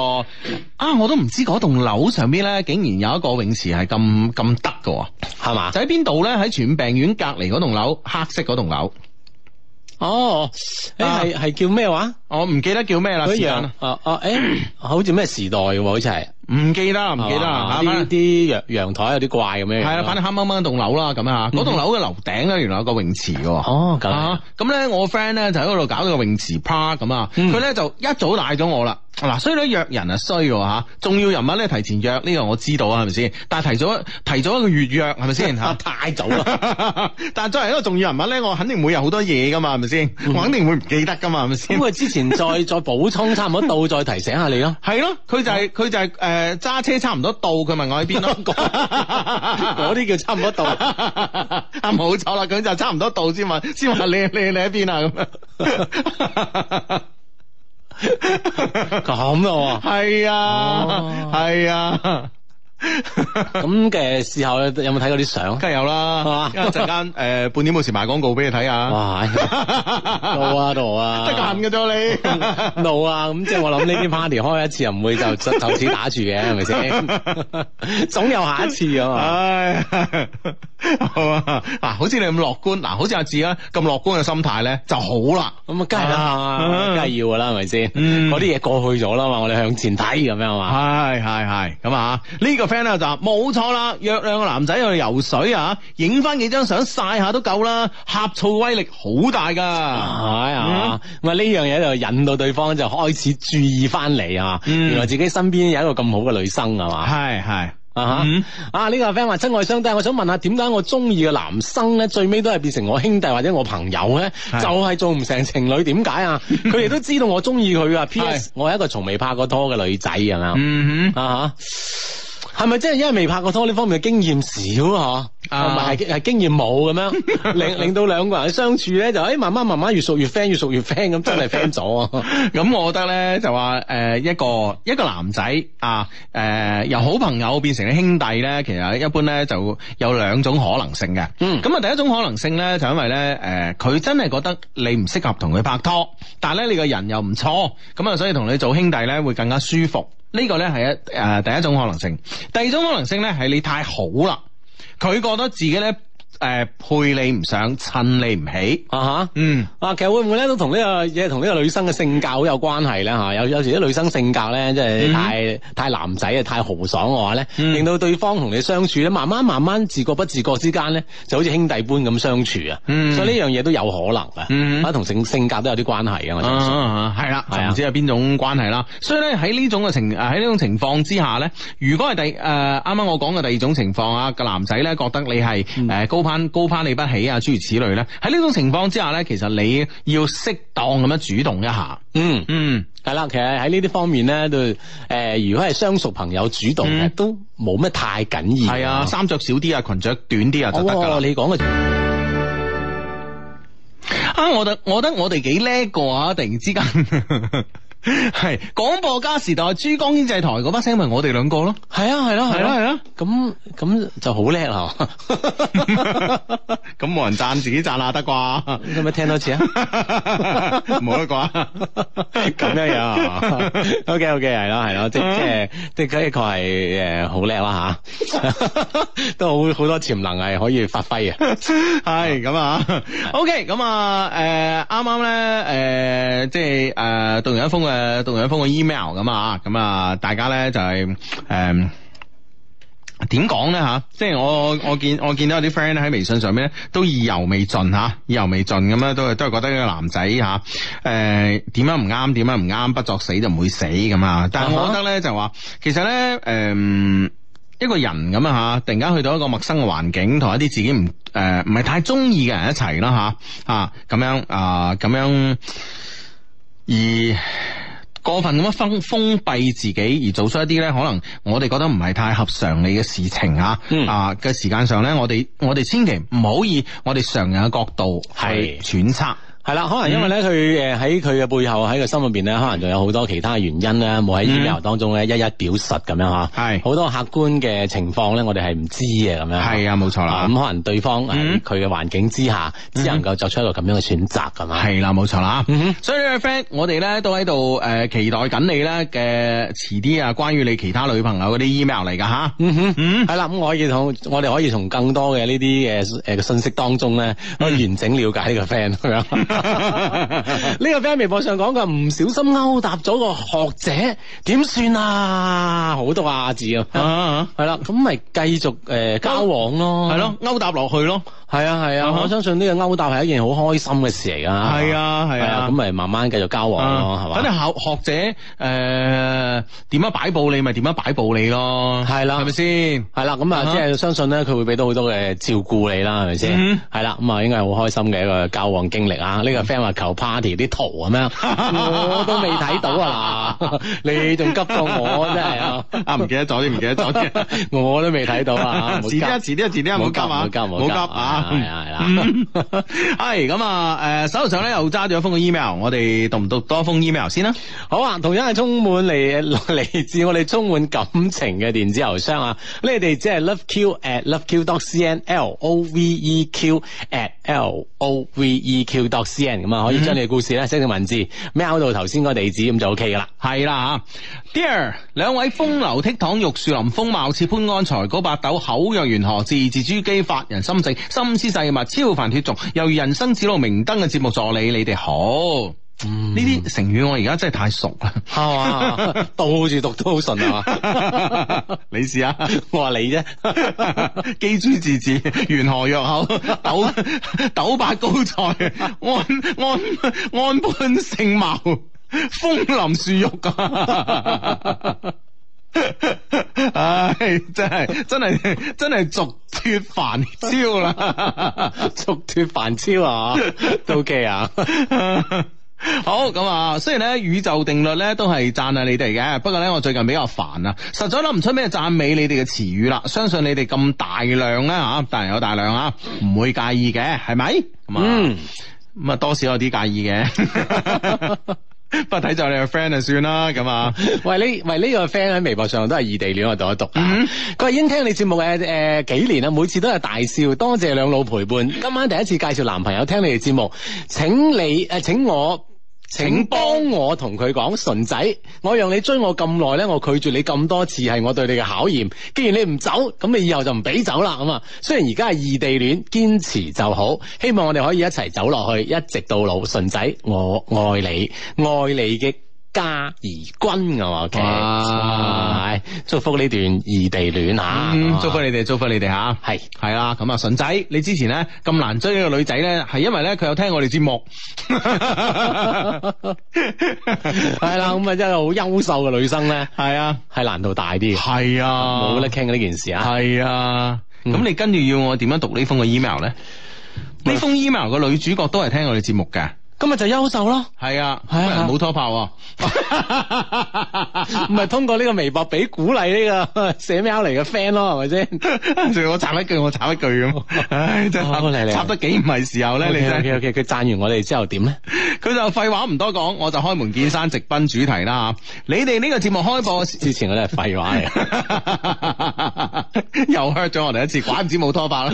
啊，我都唔知嗰棟樓上邊咧竟然有一個泳池係咁咁得嘅，係嘛吧就喺邊度咧？喺傳染病院隔籬嗰棟樓，黑色嗰棟樓。哦，誒係係叫咩話、啊？我唔記得叫咩啦。一樣、啊，啊、欸、啊，誒，好似咩時代嘅，好似係，唔記得唔記得啦。啲啲陽陽台有啲怪咁樣。係啊，反正黑掹掹一棟樓啦，咁啊，嗰棟樓嘅樓頂咧，原來有個泳池嘅。啊、哦，咁樣。咁咧、啊，我 friend 咧就喺嗰度搞咗個泳池 party 咁啊。佢咧、嗯、就一早帶咗我啦。嗱、啊，所以咧約人啊衰嘅吓，重要人物咧提前約呢個我知道啊，係咪先？但係提早提早一個月約係咪先？是是 太早啦了！ 但係作為一個重要人物咧，我肯定會有好多嘢噶嘛，係咪先？嗯、我肯定會唔記得噶嘛，係咪先？咁啊，之前再再補充差唔多到，再提醒下你咯。係咯，佢就係、是、佢就係誒揸車差唔多到，佢問我喺邊咯。嗰啲 叫差唔多到 啊！冇錯啦，佢就差唔多到先問，先問你你你喺邊啊咁樣。 咁啊，係啊，係啊。咁嘅時候咧，有冇睇過啲相？梗係 有啦，一陣間誒，半點冇時賣廣告俾你睇啊！ 哇，怒、哎、啊，怒啊！得閒嘅啫你，怒、 嗯、啊！咁即係我諗呢啲 party 開一次又唔會就就此打住嘅，係咪先？總有下一次㗎嘛！係 嘛？嗱、 哎，好似、啊啊、你咁樂觀，嗱、啊，好似阿志啊咁樂觀嘅心態咧就好啦。咁 啊，梗係啦，梗係、啊啊、要㗎啦，係咪先？嗰啲嘢過去咗啦嘛，我哋向前睇咁樣嘛。係係係，咁啊，呢、啊這個。friend 啦就冇錯啦，約兩個男仔去游水啊，影翻幾張相晒下都夠啦，呷醋威力好大噶，係啊，咁、嗯、啊呢樣嘢，就引到對方就開始注意翻嚟啊，嗯、原來自己身邊有一個咁好嘅女生係嘛？係係啊，嗯、啊呢、這個 friend 話親愛相待，我想問下點解我中意嘅男生咧最尾都係變成我兄弟或者我朋友咧，是就係做唔成情侶，點解啊？佢哋、嗯、都知道我中意佢啊，PS 我係一個從未拍過拖嘅女仔，係咪啊？嗯、啊係咪真係因為未拍過拖呢方面嘅經驗少啊？同埋係係經驗冇咁樣，令令到兩個人相處咧就誒慢慢慢慢越熟越 friend 越熟越 friend 咁真係 friend 咗。啊。咁 我覺得咧就話誒、呃、一個一個男仔啊誒由好朋友變成兄弟咧，其實一般咧就有兩種可能性嘅。嗯。咁啊第一種可能性咧就是、因為咧誒佢真係覺得你唔適合同佢拍拖，但係咧你個人又唔錯，咁啊所以同你做兄弟咧會更加舒服。呢個咧係一誒第一種可能性，第二種可能性咧係你太好啦，佢覺得自己咧。誒，配你唔上，趁你唔起，啊吓，嗯，啊，其實會唔會咧都同呢個嘢，同呢個女生嘅性格好有關係咧吓？有有時啲女生性格咧，即係太太男仔啊，太豪爽嘅話咧，令到對方同你相處咧，慢慢慢慢自覺不自覺之間咧，就好似兄弟般咁相處啊，所以呢樣嘢都有可能嘅，啊，同性性格都有啲關係啊。我真係，係啦，係唔知係邊種關係啦。所以咧喺呢種嘅情喺呢種情況之下咧，如果係第誒啱啱我講嘅第二種情況啊，個男仔咧覺得你係誒高。攀高攀你不起啊！諸如此類咧，喺呢種情況之下咧，其實你要適當咁樣主動一下。嗯嗯，係啦，其實喺呢啲方面咧，都誒，如果係相熟朋友主動嘅，嗯、都冇咩太緊要。係啊，衫着少啲啊，裙着短啲啊，就得㗎啦。你講嘅啊，我覺得我覺得我哋幾叻個啊！突然之間。 係廣播加時代珠江經濟台嗰把聲咪我哋兩個咯。係啊係咯係咯係咯，咁咁就好叻啦！咁冇人讚自己讚下得啩？可唔可以聽多次啊？冇得啩？咁樣樣，OK OK，係咯係咯，即係的確係誒好叻啦吓，都好好多潛能係可以發揮啊！係咁啊，OK，咁啊誒啱啱咧誒即係誒杜仁峰。誒，讀一封嘅 email 咁啊，咁啊，大家咧就係誒點講咧吓，即係我我見我見到有啲 friend 咧喺微信上面咧都意猶未盡吓，啊，意猶未盡咁樣、啊、都都係覺得呢個男仔吓誒點樣唔啱，點樣唔啱，不作死就唔會死咁啊！但係我覺得咧，uh huh. 就話，其實咧誒、呃、一個人咁啊吓，突然間去到一個陌生嘅環境，同一啲自己唔誒唔係太中意嘅人一齊啦吓啊，咁樣啊，咁樣。啊而過分咁樣封封閉自己，而做出一啲咧，可能我哋覺得唔係太合常理嘅事情、嗯、啊！啊嘅時間上咧，我哋我哋千祈唔好以我哋常人嘅角度去揣測。係啦，可能因為咧佢誒喺佢嘅背後，喺佢心入邊咧，可能仲有好多其他嘅原因咧，冇喺 email 當中咧一一表述咁樣吓。係好、嗯、多客觀嘅情況咧，我哋係唔知嘅咁樣。係啊，冇錯啦。咁可能對方喺佢嘅環境之下，嗯、只能夠作出一個咁樣嘅選擇咁啊。係、嗯、啦，冇錯啦。所以呢位 friend，我哋咧都喺度誒期待緊你咧嘅遲啲啊，關於你其他女朋友嗰啲 email 嚟噶吓。嗯哼，係啦、嗯，咁我以我哋可以從更多嘅呢啲誒誒嘅信息當中咧，可以完整了解呢個 friend 咁樣。嗯 呢個 friend 微博上講嘅唔小心勾搭咗個學者，點算啊？好多啊字啊，係啦，咁咪繼續誒交往咯，係咯，勾搭落去咯。係啊係啊，我相信呢個勾搭係一件好開心嘅事嚟噶。係啊係啊，咁咪慢慢繼續交往咯，係嘛。咁你學學者誒，點樣擺佈你咪點樣擺佈你咯。係啦，係咪先？係啦，咁啊，即係相信咧，佢會俾到好多嘅照顧你啦，係咪先？係啦，咁啊，應該係好開心嘅一個交往經歷啊。呢個 friend 話求 party 啲圖咁樣，我都未睇到啊！嗱，你仲急過我真係啊！啊，唔記得咗啲，唔記得咗我都未睇到啊！遲啲，唔好急，唔好急，唔好急，唔好急啊！係啦係啦，係咁啊！誒、 嗯 哎嗯，手頭上咧又揸住一封嘅 email，我哋讀唔讀多封 email 先啦？好啊，同樣係充滿嚟嚟自我哋充滿感情嘅電子郵箱啊！你哋即係 loveq at loveq dot cn，l o v e q at l o v e q dot cn，咁啊、嗯、可以將你嘅故事咧寫成文字，mail 到頭先個地址，咁就 OK 噶啦。係啦吓，Dear 兩位風流倜儻玉樹臨風，貌似潘安財，才高八斗，口若懸河，字字珠璣，發人深省.心思細密，超凡脫俗，猶如人生指路明燈嘅節目助理，你、啊、哋好呢啲成語，我而家真係太熟啦，係嘛？倒住讀都好順啊。嘛， 你試下，我話你啫，機杼自治，河懸若口，斗斗八高才，安安安潘似貌，風臨樹玉。 唉、 哎，真係 真係真係逐脫凡超啦，逐脫凡超啊！O K 啊， 好咁啊。雖然咧宇宙定律，咧都係讚下你哋嘅，不過咧我最近比較煩啊，實在諗唔出咩讚美你哋嘅詞語啦。相信你哋咁大量啦、啊，吓，大有大量啊，唔會介意嘅係咪？是是嗯，咁啊，多少有啲介意嘅。不睇就你個 friend 就算啦，咁啊， 為呢為呢個 friend 喺微博上都係異地戀，我讀一讀。佢話、mm hmm. 已經聽你節目誒誒、呃、幾年啦，每次都係大笑，多謝兩老陪伴。今晚第一次介紹男朋友聽你哋節目，請你誒、呃，請我。請幫我同佢講，順仔，我讓你追我咁耐咧，我拒絕你咁多次，係我對你嘅考驗。既然你唔走，咁你以後就唔俾走啦。咁啊，雖然而家係異地戀，堅持就好。希望我哋可以一齊走落去，一直到老。順仔，我愛你，愛你嘅。家宜君啊，嘛，哇！祝福呢段異地戀啊，祝福你哋，祝福你哋吓，係係啦。咁啊，順仔，你之前咧咁難追呢個女仔咧，係因為咧佢有聽我哋節目，係啦，咁啊真係好優秀嘅女生咧，係啊，係難度大啲，係啊，冇得傾嘅呢件事啊，係啊，咁你跟住要我點樣讀呢封嘅 email 咧？呢封 email 嘅女主角都係聽我哋節目嘅。今日就優秀咯，係啊，冇、哎、呀拖拍喎、啊，唔 係 通過呢個微博俾鼓勵呢個寫 mail 嚟嘅 friend 咯，係咪先？仲 我插一句，我插一句咁，唉、 哎，真係插嚟插得幾唔係時候咧？你 OK OK，佢、okay，贊 完我哋之後點咧？佢就廢話唔多講，我就開門見山直奔主題啦嚇。你哋呢個節目開播之前廢， 我哋係廢話嚟，又 hurt 咗我哋一次，怪唔知冇拖拍啦。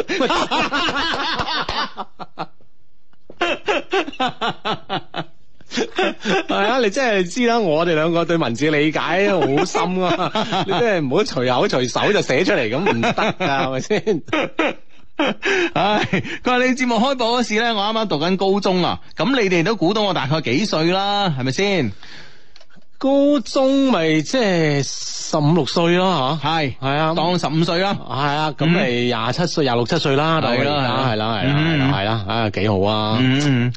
係啊， 你真係知啦，我哋兩個對文字理解好深啊， 你真係唔好隨口隨 手就寫出嚟咁唔得噶，係咪先？唉、 哎，佢話你節目開播嗰時咧，我啱啱讀緊高中啊，咁你哋都估到我大概幾歲啦，係咪先？高中咪即係十五六歲咯，吓，係，係啊，當十五歲啦，係啊，咁咪廿七歲，廿六七歲啦，係啦，係啦，係啦，係啦，係啦，啊幾好啊！嗯嗯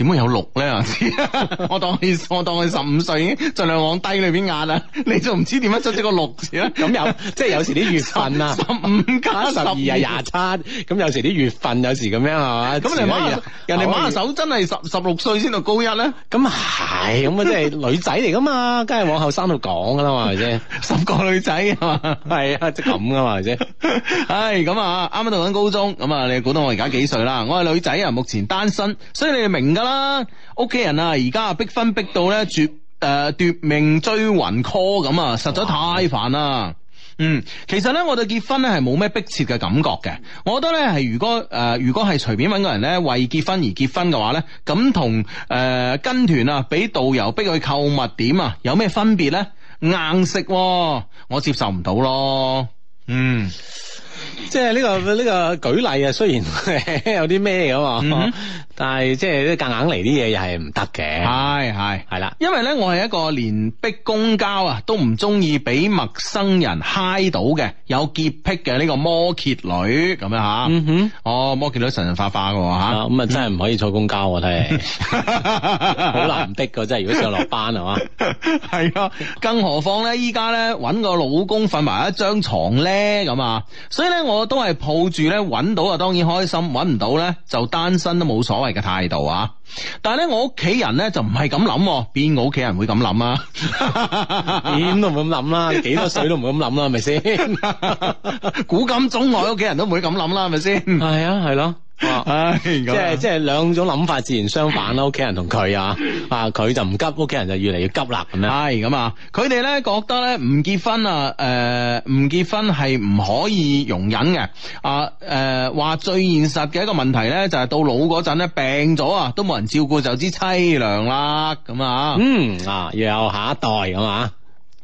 點解有六咧？ 我當我當佢十五歲已經盡量往低裏邊壓啦。你仲唔知點樣出咗個六字啦。咁 有，即係有時啲月份啦、啊，十五加十二係廿七。咁 12 是 有時啲月份有時咁樣係嘛？咁人馬人哋馬亞手真係十十六歲先到高一啦。咁啊係咁啊，即係女仔嚟噶嘛，梗係往後生度講噶啦，係咪先？十個女仔係 啊，即係咁噶嘛，係咪先？唉，咁啊，啱啱讀緊高中，咁啊，你估到我而家幾歲啦？我係女仔啊，目前單身，所以你哋明噶啦。啊！屋企人啊，而家啊逼婚逼到咧絕誒奪、呃、命追魂 call 咁啊，實在太煩啦！哇嗯，其實咧我對結婚咧係冇咩迫切嘅感覺嘅，我覺得咧係如果誒、呃、如果係隨便揾個人咧為結婚而結婚嘅話咧，咁同誒跟團、呃、啊俾導遊逼去購物點啊有咩分別咧？硬食我接受唔到咯，嗯。即係呢、呢個呢、呢個舉例啊，雖然 有啲咩咁啊，嗯、哼但係即係夾硬嚟啲嘢又係唔得嘅。係係係啦，的因為咧我係一個連逼公交啊都唔中意俾陌生人揩到嘅，有潔癖嘅呢個摩羯女咁樣吓。嗯、哼，哦摩羯女神神化化嘅吓，咁啊、嗯嗯、真係唔可以坐公交我睇嚟，好 難逼嘅真係。如果上落班係嘛，係 啊，更何況咧依家咧揾個老公瞓埋一張床咧咁啊，所以咧。我都係抱住咧揾到啊，當然開心；揾唔到咧，就單身都冇所謂嘅態度啊。但係咧，我屋企人咧就唔係咁諗喎，邊個屋企人會咁諗啊？點 都唔會咁諗啦，幾多歲都唔會咁諗啦，係咪先？古今中外屋企人都唔會咁諗啦，係咪先？係啊，係咯、 啊。唉，即係即係兩種諗法自然相反啦，屋企 人同佢啊，啊佢就唔急，屋企人就越嚟越急啦咁樣。係咁啊，佢哋咧覺得咧唔結婚啊，誒、呃、唔結婚係唔可以容忍嘅啊，誒、呃、話最現實嘅一個問題咧就係到老嗰陣咧病咗啊，都冇人照顧就知淒涼啦，咁啊，嗯啊，要有下一代咁啊。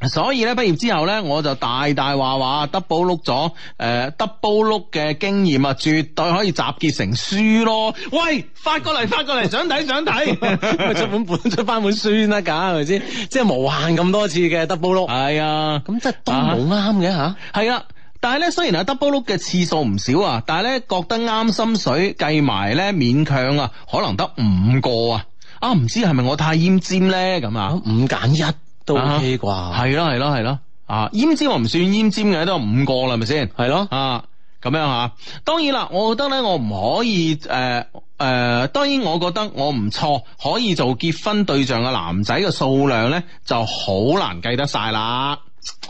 所以咧畢業之後咧我就大大話話 double 碌咗誒 double 碌嘅經驗啊，絕對可以集結成書咯！喂，發過嚟發過嚟，想睇想睇， 出本本出翻本書先得噶，係咪先？即係無限咁多次嘅 double 碌，係、哎、呀啊，咁即係都冇啱嘅吓。係啊，但係咧雖然係 double 碌嘅次數唔少啊，但係咧覺得啱心水計埋咧勉強啊，可能得五個啊，啊唔知係咪我太奄尖咧咁啊？五揀一。都 OK 啩，係咯係咯係咯，啊，奄尖我唔算奄尖嘅，都有五個啦，係咪先？係咯，啊，咁樣吓。當然啦，我覺得呢，我唔可以誒誒、呃呃，當然我覺得我唔錯，可以做結婚對象嘅男仔嘅數量呢就好難計得晒啦。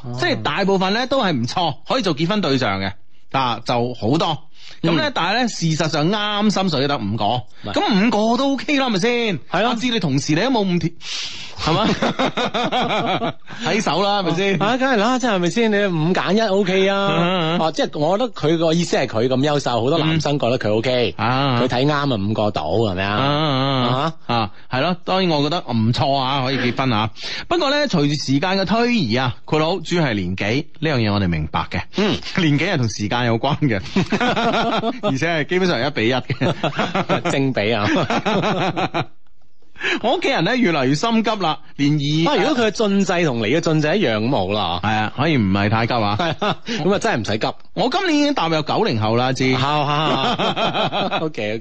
啊、即係大部分呢都係唔錯，可以做結婚對象嘅，啊，就好多。咁咧、嗯，但係咧，事實上啱心水得五個，咁是五個都 O K 啦，係咪先？係啊，知、啊、你同事你都冇五挑，係嘛？睇啷手啦，係咪先？啊，梗係啦，即係咪先？你五揀一 O K 啊？哦、啊，即係、啊啊就係、我覺得佢個意思係佢咁優秀，好多男生覺得佢 O K 啊，佢睇啱啊，五個到係咪啊？啊，係咯、uh huh. 啊，當然我覺得唔錯啊，可以結婚啊。不過咧，隨住時間嘅推移啊，佢老主要係年紀呢樣嘢，這個、我哋明白嘅。嗯，年紀係同時間有關嘅。 而且係基本上係一比一嘅 正比啊！ 我屋企人咧越嚟越心急啦，連二、啊，如果佢嘅進制同你嘅進制一樣冇好啦，係啊，可以唔係太急啊。咁啊 真係唔使急， 我今年已經踏入九零後啦，知？O K O K。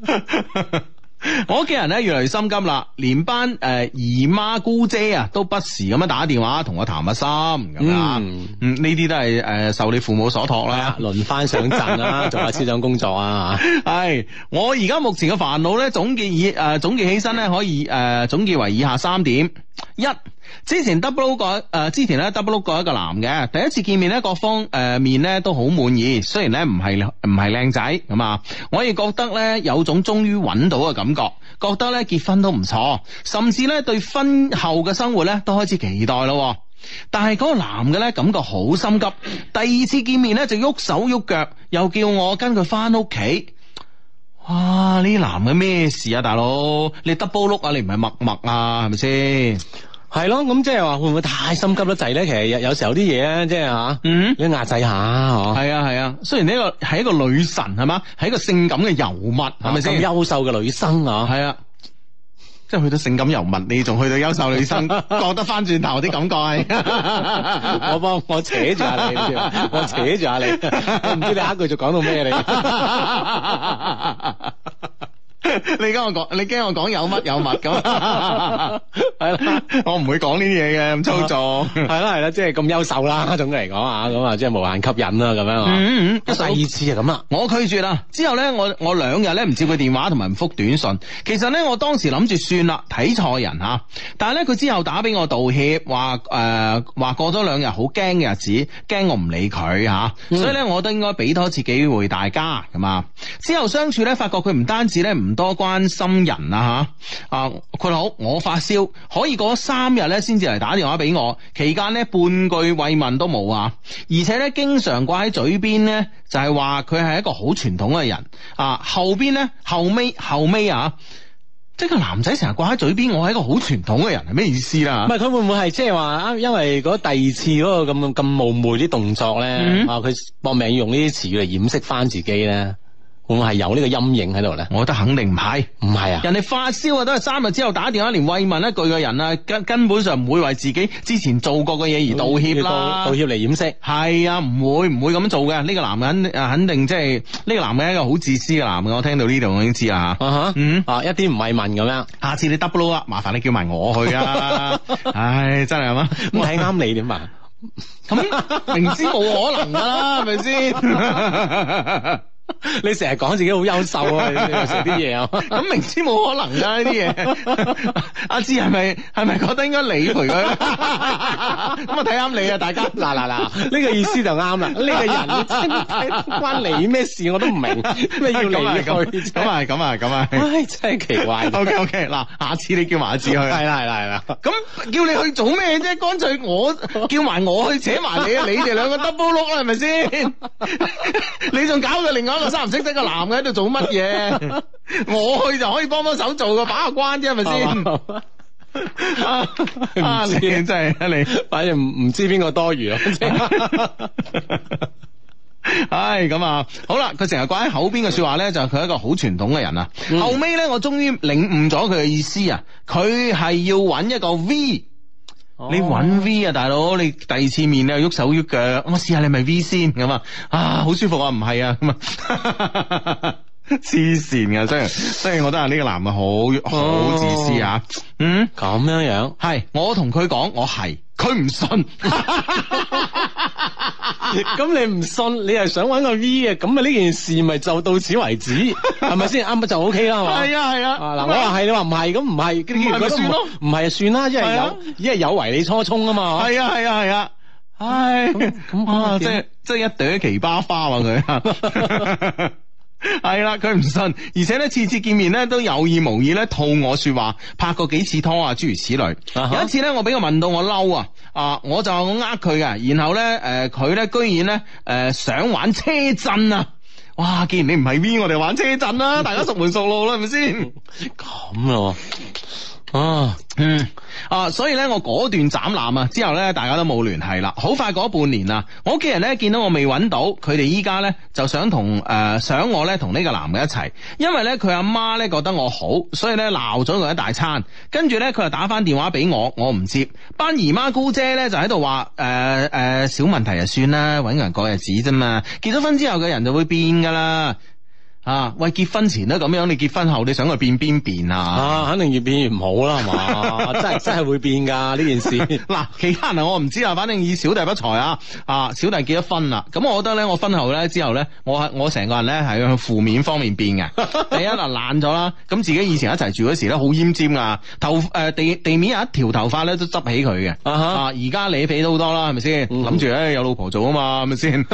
okay, okay. 我屋企人咧越嚟越心急啦，連班誒、呃、姨媽姑姐啊，都不時咁樣打電話同我談下心，咁啊。嗯，呢啲都係誒、呃、受你父母所託啦，輪番上陣啦， 做下思想工作啊。係，我而家目前嘅煩惱咧，總結以誒、呃、總結起身咧，可以誒、呃、總結為以下三點。一之前 double 過誒，之前咧 double 過、呃、過一個男嘅。第一次見面咧，各方誒面咧都好滿意，雖然咧唔係唔係靚仔咁啊，我亦覺得咧有種終於揾到嘅感覺，覺得咧結婚都唔錯，甚至咧對婚後嘅生活咧都開始期待咯。但係嗰個男嘅咧感覺好心急，第二次見面咧就喐手喐腳，又叫我跟佢翻屋企。啊，呢男嘅咩事啊，大佬？你 double look 啊，你唔係默默啊，係咪先？係咯，咁即係話會唔會太心急得滯咧？其實有有時候啲嘢啊，即係吓，嗯，你壓制下，係啊，係啊，雖然呢個係一個女神係嘛，係一個性感嘅尤物，係咪先優秀嘅女生啊？係啊。即係去到性感尤物，你仲去到優秀女生，覺得翻轉頭啲感覺，我幫我扯住下你，我扯住下你，唔知你下句就講到咩你？你跟我講，你驚我講有乜有乜咁？係啦，我唔會講呢啲嘢嘅。咁操縱，係啦係啦，即係咁優秀啦，總嘅嚟講啊，咁啊即係無限吸引啦，咁樣第二次就咁啦。我拒絕啦，之後咧我我兩日咧唔接佢電話同埋唔覆短信。其實咧我當時諗住算啦，睇錯人吓。但係咧佢之後打俾我道歉，話誒話過咗兩日好驚嘅日子，驚我唔理佢吓。所以咧我都得應該俾多次機會大家咁啊。之後相處咧發覺佢唔單止咧唔。多關心人啊，吓，啊佢話我發燒，可以過咗三日咧先至嚟打電話俾我，期間咧半句慰問都冇啊，而且咧經常掛喺嘴邊咧就係話佢係一個好傳統嘅人啊，後邊咧後尾後尾啊，即係個男仔成日掛喺嘴邊，我係一個好傳統嘅人係咩意思啦？唔係佢會唔會係即係話啱，因為第二次嗰個咁咁冒昧啲動作咧，我話佢搏命用呢啲詞語嚟掩飾翻自己咧？會唔會係有呢個陰影喺度咧？我覺得肯定唔係，唔係啊！人哋發燒啊，都係三日之後打電話連慰問一句嘅人啊，根根本上唔會為自己之前做過嘅嘢，而道歉道歉嚟掩飾。係啊，唔會唔會咁做嘅。呢個男人啊，肯定即係呢個男人一個好自私嘅男嘅。我聽到呢度我已經知啦，啊一啲唔慰問咁樣。下次你 double 啊，麻煩你叫埋我去啊！唉，真係啊嘛，我睇啱你點啊？咁明知冇可能噶啦，係咪先？你成日講自己好優秀啊！食啲嘢啊，咁 明知冇可能㗎呢啲嘢，阿芝係咪係咪覺得應該你陪佢？咁 我睇啱你啊，大家嗱嗱嗱，呢 個意思就啱啦。呢 個人嘅心態關你咩事？我都唔明。咁啊咁啊咁啊咁啊，真係奇怪。OK OK，嗱，下次你叫埋阿芝去。係啦係啦係啦。咁 叫你去做咩啫？乾脆我叫埋我去扯埋你啊！你哋兩個 double lock 啦，係咪先？你仲搞到另外？個三唔識得個男嘅喺度做乜嘢？ 我去就可以幫幫手做把個把下關啫，係咪先？啊！你真係你，反而唔唔知邊個多餘啊！唉，咁啊，好啦，佢成日掛喺口邊嘅說話咧，就係佢一個好傳統嘅人啊。嗯、後尾咧，我終於領悟咗佢嘅意思啊！佢係要揾一個 V。你穩 V 啊，大佬！你第二次面你又喐手喐腳，我試下你咪 V 先咁啊！啊，好舒服啊，唔係啊咁啊。 黐線嘅，真係真係， 我覺得呢個男嘅好好自私啊！嗯，咁樣樣係我同佢講，我係佢唔信。咁 你唔信，你係想揾個 V 嘅，咁啊呢件事咪就，就到此為止，係咪先？啱就 O K 啦嘛。係啊係啊。嗱我話係，你話唔係，咁唔係，咁如果算咯，唔係算啦，因為有，因為有違你初衷啊嘛。係啊係啊係啊。唉，哇，即係即係一朵奇葩花啊佢。 係 啦，佢唔信，而且咧次次見面咧都有意無意咧套我說話，拍過幾次拖啊，諸如此類。Uh huh. 有一次咧，我俾佢問到我嬲啊，啊、呃、我就呃佢嘅，然後咧誒佢咧居然咧誒、呃、想玩車震啊！哇，既然你唔係 V 我哋玩車震啦、啊， 大家熟門熟路啦，係咪先？咁啊 了。 啊，嗯，啊，所以咧，我果斷斬纜啊！之後咧，大家都冇聯繫啦。好快過咗半年啦，我屋企人咧見到我未揾到，佢哋依家咧就想同誒、呃、想我咧同呢個男嘅一齊，因為咧佢阿媽咧覺得我好，所以咧鬧咗佢一大餐。跟住咧佢又打翻電話俾我，我唔接。班姨媽姑姐咧就喺度話誒誒，小問題就算啦，搵人過日子啫嘛。結咗婚之後嘅人就會變噶啦。啊！喂，結婚前都咁樣，你結婚後你想佢變邊變，變，變啊？啊，肯定越變越唔好啦，係嘛？ 真係真係會變噶呢 件事。嗱、啊，其他人我唔知啊，反正以小弟不才啊，啊，小弟結咗婚啦。咁我覺得咧，我婚後咧之後咧，我係我成個人咧係向負面方面變嘅。 第一嗱爛咗啦，咁、啊、自己以前一齊住嗰時咧好奄尖啊，頭誒、呃、地地面有一條頭髮咧都執起佢嘅。Uh huh. 啊而家你肥都好多啦，係咪先？諗住咧有老婆做啊嘛，係咪先？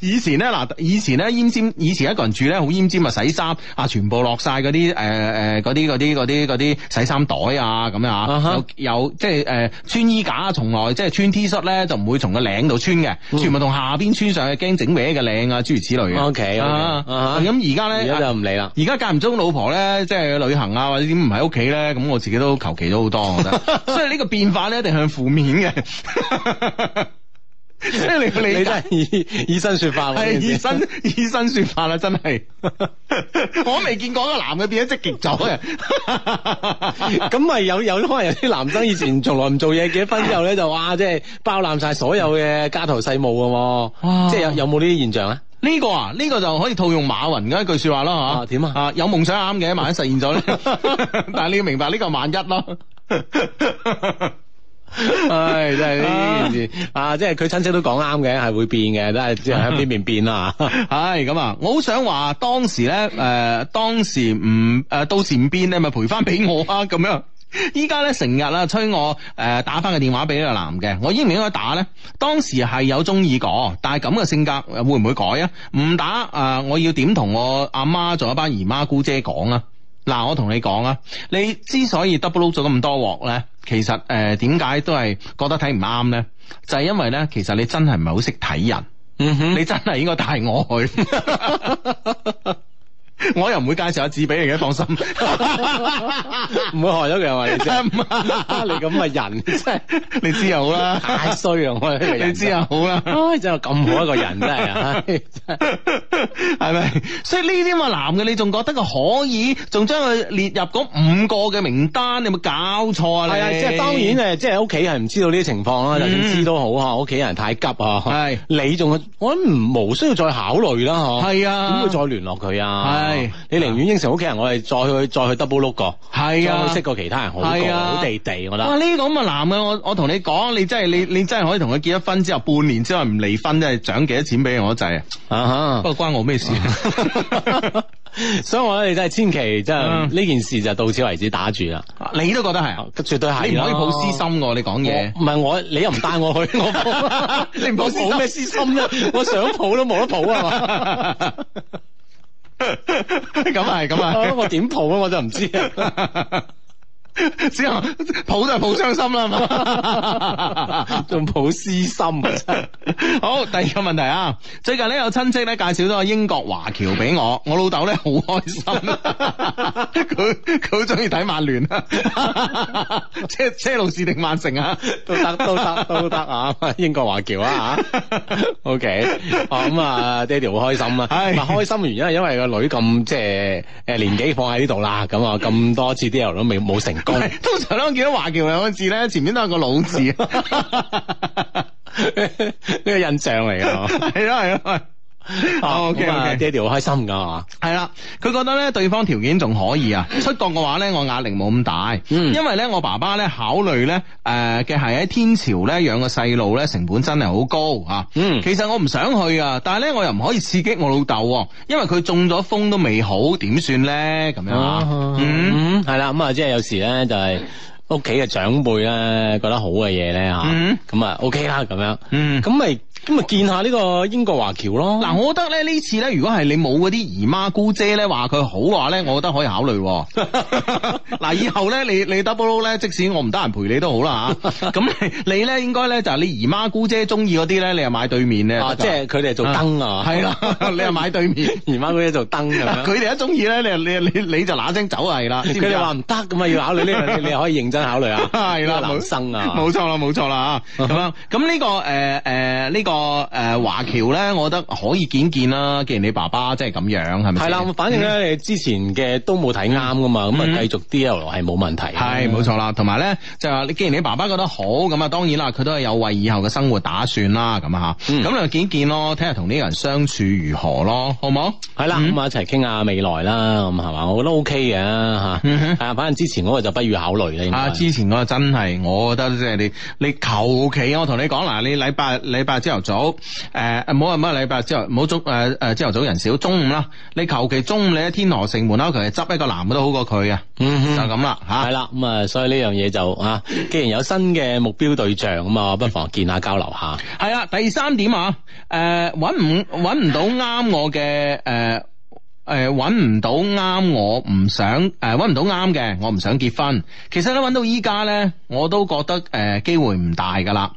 以前咧嗱，以前咧奄尖，以前一個人住咧。腌尖啊，洗衫啊，全部落晒嗰啲誒誒嗰啲嗰啲嗰啲嗰啲洗衫袋啊咁樣啊，有即係誒、呃、穿衣架從來即係穿 T 恤咧就唔會從個領度穿嘅，mm. 全部同下邊穿上去，驚整歪個領啊，諸如此類。O K，咁而家咧就唔理啦。而家間唔中老婆咧即係旅行啊，或者點唔喺屋企咧，咁我自己都求其都好多。我覺得，所以呢個變化咧一定向負面嘅。 所以你你真係以 以身說法。係以身 以身說法啦，真係。 我未見過一、嗰個男嘅變咗積極咗嘅。咁 咪 有有可能有啲男生以前從來唔做嘢，結咗婚之後咧就哇，即係包攬晒所有嘅家頭細務嘅喎。哇即係有冇呢啲現象咧？呢個啊，呢、這個就可以套用馬雲嘅一句說話啦，吓點啊？啊，啊，有夢想啱嘅，萬一實現咗咧， 但係你要明白呢、這個係萬一咯。 唉，真係呢件事啊，啊！即係佢親戚都講啱嘅，係會變嘅，都係即係喺邊邊變啦。 唉，咁啊！我好想話當時咧，誒、呃，當時唔誒、呃、到前邊你咪賠翻俾我啊！咁樣、啊，依家咧成日啦催我誒、呃、打翻個電話俾呢個男嘅，我應唔應該打咧？當時係有中意過，但係咁嘅性格會唔會改啊？唔打誒、呃，我要點同我阿媽仲有一班姨媽姑姐講啊？嗱，我同你講啊，你之所以 double look 咗咁多鑊咧，其實誒點解都係覺得睇唔啱咧，就係因為咧，其實你真係唔係好識睇人，嗯哼，你真係應該帶我去。 我又唔會介紹阿志俾你嘅，放心，唔會害咗佢係嘛！你知，你咁嘅人，真係你知又好啦，太衰啊！我你知又好啦，真係咁好一個人真係，係咪？所以呢啲咁嘅男嘅，你仲覺得佢可以，仲將佢列入嗰五個嘅名單，你有冇搞錯啊！係啊，即係當然誒，即係屋企係唔知道呢啲情況啦，就算知都好嚇，屋企人太急啊，係你仲我唔冇需要再考慮啦，嚇。係啊，點會再聯絡佢啊？你寧願應承屋企人，我哋再去再去 double 碌過，再去識過其他人好過好地地。我覺得哇，呢個咁嘅男嘅，我我同你講，你真係你你真係可以同佢結咗婚之後半年之後唔離婚，真係獎幾多錢俾我仔啊？不過關我咩事？所以我咧，你真係千祈真係呢件事就到此為止打住啦。你都覺得係啊？絕對係，唔可以抱私心嘅。你講嘢唔係我，你又唔帶我去，你唔抱抱咩私心啫？我想抱都冇得抱啊咁係，咁啊， 我點抱啊，我就唔知。之 後抱就抱傷心啦嘛，仲 抱私心 好。第二個問題啊，最近有親呢有親戚咧介紹咗個英國華僑俾我，我老豆咧好開心，佢佢好中意睇曼聯啊，即 係車，車路士定曼城啊， 都得都得都得啊！ 英國華僑啊，吓 ，OK，咁啊、哦嗯，爹哋好開心啊。係開心？唉開心原因係因為個女咁即係誒年紀放喺呢度啦，咁啊咁多次爹哋都未冇成功。通常咧，我見到華僑兩個字咧，前面都有個老字，呢 個 印象嚟噶，係 咯， 係咯。O K，爹哋好開心噶，係啦，佢覺得咧對方條件仲可以啊， 出國嘅話咧我壓力冇咁大，嗯，因為咧我爸爸咧考慮咧誒嘅係喺天朝咧養個細路咧成本真係好高啊，嗯，其實我唔想去啊，但係咧我又唔可以刺激我老豆，因為佢中咗風都未好，點算咧咁樣啊？嗯，係啦、嗯，咁啊，即係有時咧就係屋企嘅長輩咧覺得好嘅嘢咧吓，咁啊 O K 啦，咁、OK、樣，嗯，咁咪。咁咪見下呢個英國華僑咯。嗱、啊，我覺得咧呢次咧，如果係你冇嗰啲姨媽姑姐咧話佢好嘅話咧，我覺得可以考慮、啊。嗱、 啊，以後咧你你 double 咧，即使我唔得閒陪你都好啦吓、啊。咁、 啊、你咧應該咧就係、是、你姨媽姑姐中意嗰啲咧，你又買對面咧、啊啊。即係佢哋做燈啊。係啦、啊，啊、 你又買對面 姨媽姑姐做燈、啊。佢哋、啊、一中意咧，你你你你就嗱聲走係、啊、啦。佢哋話唔得咁啊，要考慮呢，你你，你可以認真考慮啊。係啦、 啊，男生啊，冇錯啦，冇錯啦啊。咁樣咁呢個誒誒呢個。呃呃這個個誒華僑咧，我覺得可以見見啦。既然你爸爸即係咁樣，係咪？係啦，反正咧，你之前嘅都冇睇啱噶嘛，咁啊繼續 D L 落係冇問題。係冇錯啦，同埋咧就話你，既然你爸爸覺得好，咁啊當然啦，佢都係有為以後嘅生活打算啦，咁啊吓。咁你見見咯，聽日同呢個人相處如何咯，好冇？係啦，咁啊一齊傾下未來啦，咁係嘛，我覺得 O K 嘅吓。啊，反正之前嗰個就不如考慮啊，之前嗰個真係，我覺得即係你你求其，我同你講啦，你禮拜禮拜之後。早誒，冇啊冇禮拜朝頭冇中誒誒，朝頭、呃、早人少，中午啦，你求其中午你喺天河城門口，其實執一個男嘅都好過佢嘅，嗯哼，就咁啦吓，係、啊、啦，咁啊，所以呢樣嘢就啊，既然有新嘅目標對象咁啊， 不妨見下交流下，係啦，第三點啊，誒，揾唔揾唔到啱我嘅誒。啊誒，搵唔、呃、到啱我，唔想誒，搵、呃、唔到啱嘅，我唔想結婚。其實咧，搵到依家咧，我都覺得誒、呃、機會唔大噶啦。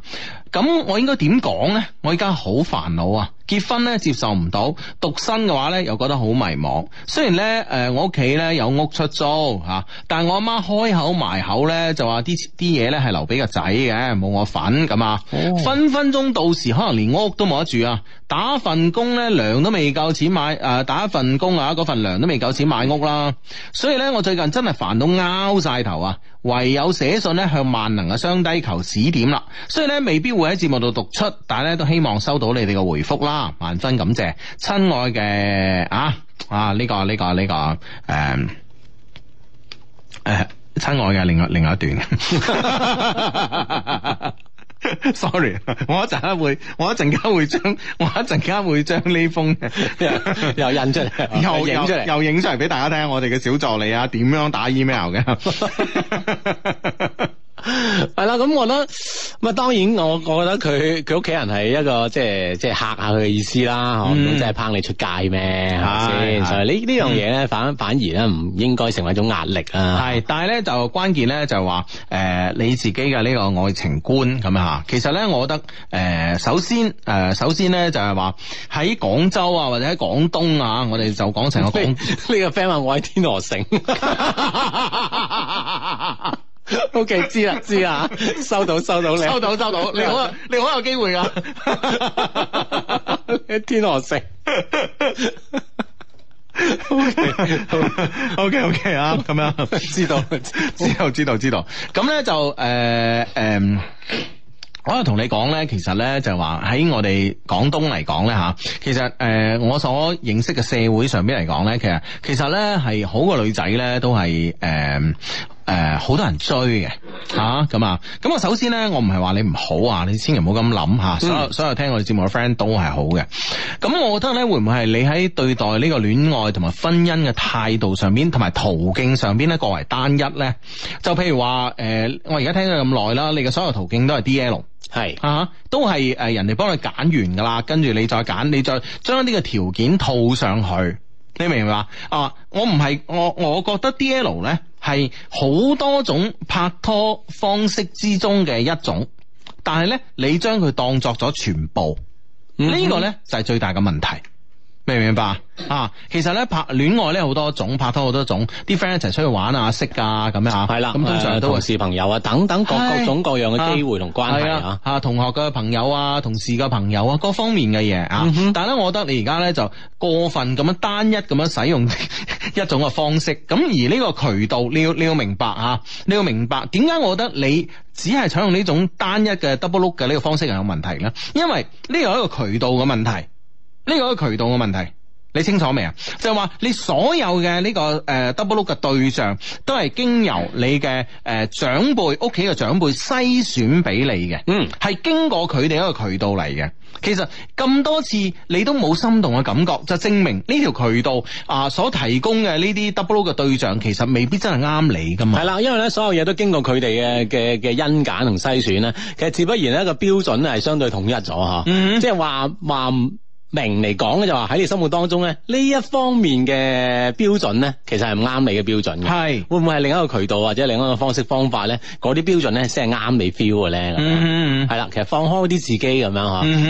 咁我應該點講咧？我依家好煩惱啊！結婚咧接受唔到，獨身嘅話咧又覺得好迷茫。雖然咧，誒、呃、我屋企咧有屋出租吓、啊，但係我阿媽開口埋口咧就話啲啲嘢咧係留俾個仔嘅，冇我份咁啊。哦、分分鐘到時可能連屋都冇得住啊！打份工咧糧都未夠錢買，誒、呃、打份工啊嗰份糧都未夠錢買屋啦。所以咧我最近真係煩到拗晒頭啊！唯有寫信咧向萬能嘅雙低求指點啦，雖然咧未必會喺節目度讀出，但係咧都希望收到你哋嘅回復啦，萬分感謝，親愛嘅啊啊呢、這個呢、這個呢個誒誒，親、啊啊、愛嘅另外另外一段。 Sorry，我一陣間會，我一陣間會將，我一陣間會將呢封 又印出嚟，又又又影出嚟俾大家睇下我哋嘅小助理啊點樣打 email 嘅。 係 啦、 嗯，咁我覺得，咁啊，當然我我覺得佢佢屋企人係一個即係即係吓下佢嘅意思啦，咁即係抨你出街咩？係咪先？呢呢樣嘢咧反反而咧唔應該成為一種壓力啊。係、哎，但係咧就關鍵咧就係、是、話，誒、呃、你自己嘅呢個愛情觀咁啊。其實咧，我覺得，誒、呃，首先，誒、呃，首先咧就係話喺廣州啊，或者喺廣東啊，我哋就講成個。呢個 friend 話我喺天河城。O、okay, K，知啦，知啦，收到，收到你，收到，收到你好，好你,、啊、你好有機會噶， 天河城。O K，O K，啊，咁樣、okay, okay, right,，知道，知道，知道，知道。咁咧就誒誒、呃呃，我又同你講咧，其實咧就話、是、喺我哋廣東嚟講咧吓，其實誒、呃、我所認識嘅社會上邊嚟講咧，其實其實咧係好嘅女仔咧都係誒。呃誒，好、呃、多人追嘅吓咁啊。咁我、啊啊、首先呢，我唔係話你唔好啊，你千祈唔好咁諗吓。所有所有聽我哋節目嘅 friend 都係好嘅。咁、嗯嗯、我覺得呢，會唔會係你喺對待呢個戀愛同埋婚姻嘅態度上邊，同埋途徑上邊呢？較為單一呢？就譬如話誒、呃，我而家聽咗咁耐啦，你嘅所有途徑都係 D L 係是 啊，都係誒人哋幫佢揀完噶啦，跟住你再揀，你再將呢個條件套上去，你明唔明白？啊，我唔係我我覺得 D L 呢。係好多種拍拖方式之中嘅一種，但係咧，你將佢當作咗全部，呢個、嗯哼、咧就係最大嘅問題。明唔明白啊？其實咧拍戀愛咧好多種，拍拖好多種，啲 friend 一齊出去玩啊、識啊咁樣吓。係啦了，咁通常都是同事、朋友啊等等各各種各樣嘅機會同關係啊，了啊，同學嘅朋友啊，同事嘅朋友啊，各方面嘅嘢啊。嗯、哼但係咧，我覺得你而家咧就過分咁樣單一咁樣使用一種嘅方式。咁而呢個渠道，你要你要明白啊，你要明白點解我覺得你只係採用呢種單一嘅 double look 嘅呢個方式係有問題咧？因為呢個係一個渠道嘅問題。呢個嘅渠道嘅問題，你清楚未啊？就話、是、你所有嘅呢、這個誒 W 嘅對象，都係經由你嘅誒、呃、長輩屋企嘅長輩篩選俾你嘅，嗯，係經過佢哋一個渠道嚟嘅。其實咁多次你都冇心動嘅感覺，就證明呢條渠道啊、呃、所提供嘅呢啲 W 嘅對象，其實未必真係啱你噶嘛。係啦，因為咧所有嘢都經過佢哋嘅嘅嘅甄揀同篩選咧，其實自不然咧、這個標準係相對統一咗吓，嗯、即係話話。明嚟講咧，就話喺你生活當中咧，呢一方面嘅標準咧，其實係唔啱你嘅標準嘅。係是會唔會係另一個渠道或者另一個方式方法咧？嗰啲標準咧，先係啱你 feel 嘅咧咁。係啦，其實放開啲自己咁樣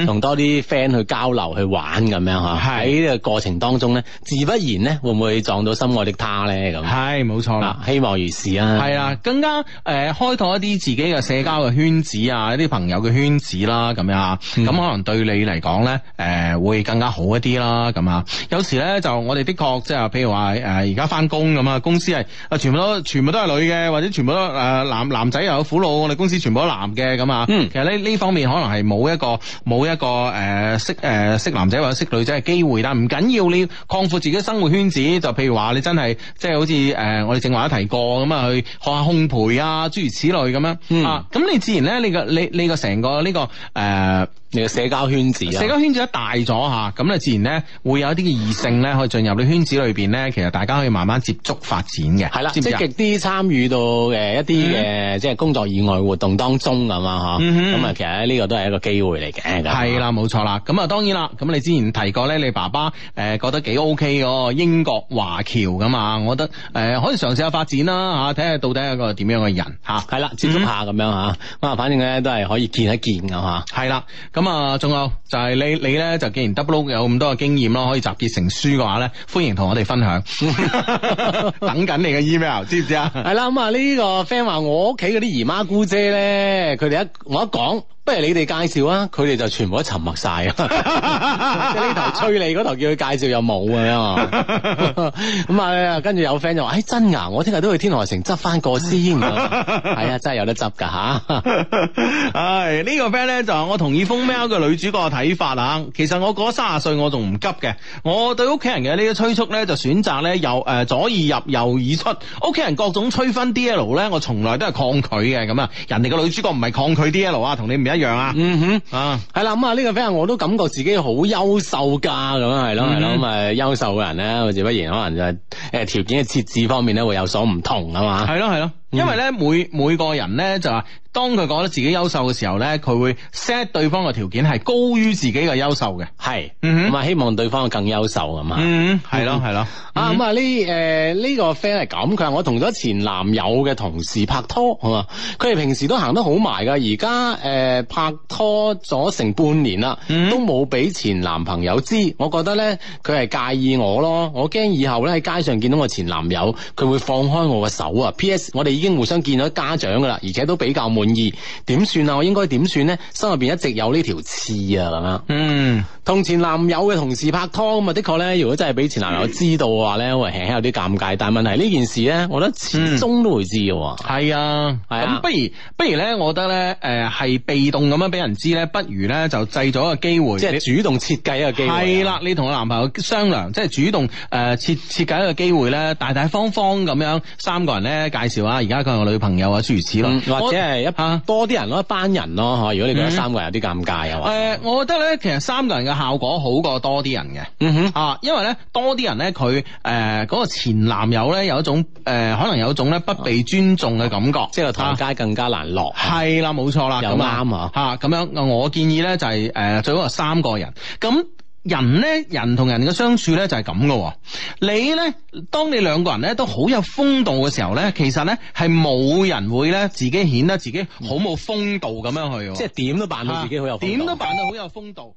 嚇，同多啲 friend 去交流去玩咁樣嚇。喺呢、嗯、哼個過程當中咧，自不然咧，會唔會撞到心愛的他咧咁？係冇錯啦，錯希望如是啊。係啦，更加誒、呃、開拓一啲自己嘅社交嘅圈子啊，一啲朋友嘅圈子啦，咁、啊、樣嚇。咁、嗯、可能對你嚟講咧，誒、呃、會。會更加好一啲啦，咁啊，有時咧就我哋的確即係，譬如話誒而家返工咁啊，公司係啊全部都全部都係女嘅，或者全部都誒、呃、男男仔又有苦惱，我哋公司全部都男嘅，咁啊，其實咧呢方面可能係冇一個冇一個誒、呃、識誒、呃、識男仔或者識女仔嘅機會，但唔緊要，要，你擴闊自己生活圈子，就譬如話你真係即係好似誒、呃、我哋正話一提過咁啊，去學下烘焙啊，諸如此類咁樣，嗯、啊，咁你自然咧你，你，你，你，你個你你個成個呢個誒。呃呃你嘅社交圈子、啊，社交圈子都大咗嚇，咁咧自然咧會有一啲嘅異性咧可以進入你圈子裏邊咧，其實大家可以慢慢接觸發展嘅。係啦的，積極啲參與到誒一啲嘅即係工作以外活動當中咁啊嚇。咁啊、嗯，其實呢個都係一個機會嚟嘅。係啦、嗯，冇錯啦。咁啊，當然啦。咁你之前提過咧，你爸爸誒覺得幾 OK 喎？英國華僑噶啊。我覺得誒、呃、可以嘗試下發展啦嚇，睇下到底係一個點樣嘅人嚇。係啦、嗯，接觸下咁樣嚇。咁啊、嗯，反正咧都係可以見一見嘅嚇。係啦的，咁。嗯嗯咁啊，仲、嗯、有就係、是、你你咧就既然 d o 有咁多嘅經驗咯，可以集結成書嘅話咧，歡迎同我哋分享。等緊你嘅 email，知唔知啊？係、嗯、啦，咁啊呢個 friend 話我屋企嗰啲姨媽姑姐咧，佢哋一我一講。不如你哋介紹啊！佢哋就全部都沉默晒。啊！ 呢頭催你，嗰頭叫佢介紹又冇啊！咁啊，跟住有 friend 就話，哎真噶，我聽日都去天河城執翻個先，係啊，真係有得執噶嚇！係、 哎這個、呢個 friend 咧，就是、我同意風喵嘅女主角嘅睇法啊！其實我嗰三十歲我仲唔急嘅，我對屋企人嘅呢啲催促咧，就選擇咧又誒左耳入右耳出，屋企人各種吹分 D L 咧，我從來都係抗拒嘅。咁啊，人哋個女主角唔係抗拒 D L 啊，同你唔一。一樣啊，嗯哼，啊，係啦，咁啊呢個 friend 我都感覺自己好優秀噶，咁樣係咯係咯，咁啊優秀嘅人咧，自不言可能就係誒條件嘅設置方面咧會有所唔同啊嘛，係咯係咯。因為咧每每個人咧就話，當佢覺得自己優秀嘅時候咧，佢會 set 對方嘅條件係高於自己嘅優秀嘅，係是，咁啊、嗯、哼希望對方啊更優秀嘛，嗯哼，係咯係咯，啊咁啊呢誒呢個 friend 係咁，佢話我同咗前男友嘅同事拍拖嘛，佢哋平時都行得好埋噶，而家誒拍拖咗成半年啦，嗯、都冇俾前男朋友知，我覺得咧佢係介意我咯，我驚以後咧喺街上見到我前男友，佢會放開我個手啊，P.S. 我哋。已經互相見到家長噶啦，而且都比較滿意。點算啊？我應該點算呢？心入邊一直有呢條刺啊咁樣。嗯，同前男友嘅同事拍拖咁啊，的確呢，如果真係俾前男友知道嘅話咧，喂、嗯，輕輕有啲尷尬。但係，問題呢件事呢，我覺得始終都、嗯、會知嘅。係啊，係啊。咁不如不如咧，我覺得呢，誒，係被動咁樣俾人知呢，不如呢，就製造一個機會，即係主動設計一個機會。係啦，你同個男朋友商量，即係主動誒設設計一個機會呢，大大方方咁樣，三個人呢介紹下。佢係我女朋友我啊，諸如此類，或者係一班多啲人咯，一班人咯，嚇！如果你覺得三個人有尷，有啲尷尬嘅話。誒、呃，我覺得咧，其實三個人嘅效果好過多啲人嘅。嗯哼，啊，因為咧多啲人咧，佢誒嗰個前男友咧有一種誒、呃，可能有一種咧不被尊重嘅感覺，啊、即係台階更加難落。係啦、啊，冇錯啦，咁啱巧啊嚇！咁樣，樣我建議咧就係、是、誒最好係三個人咁。人呢，人同人嘅相處呢就係咁嘅喎。你呢，當你兩個人呢都好有風度嘅時候呢，其實呢係冇人會呢自己顯得自己好冇風度咁樣去、啊。即係點都扮到自己好有風度。點、啊、都扮到好有風度。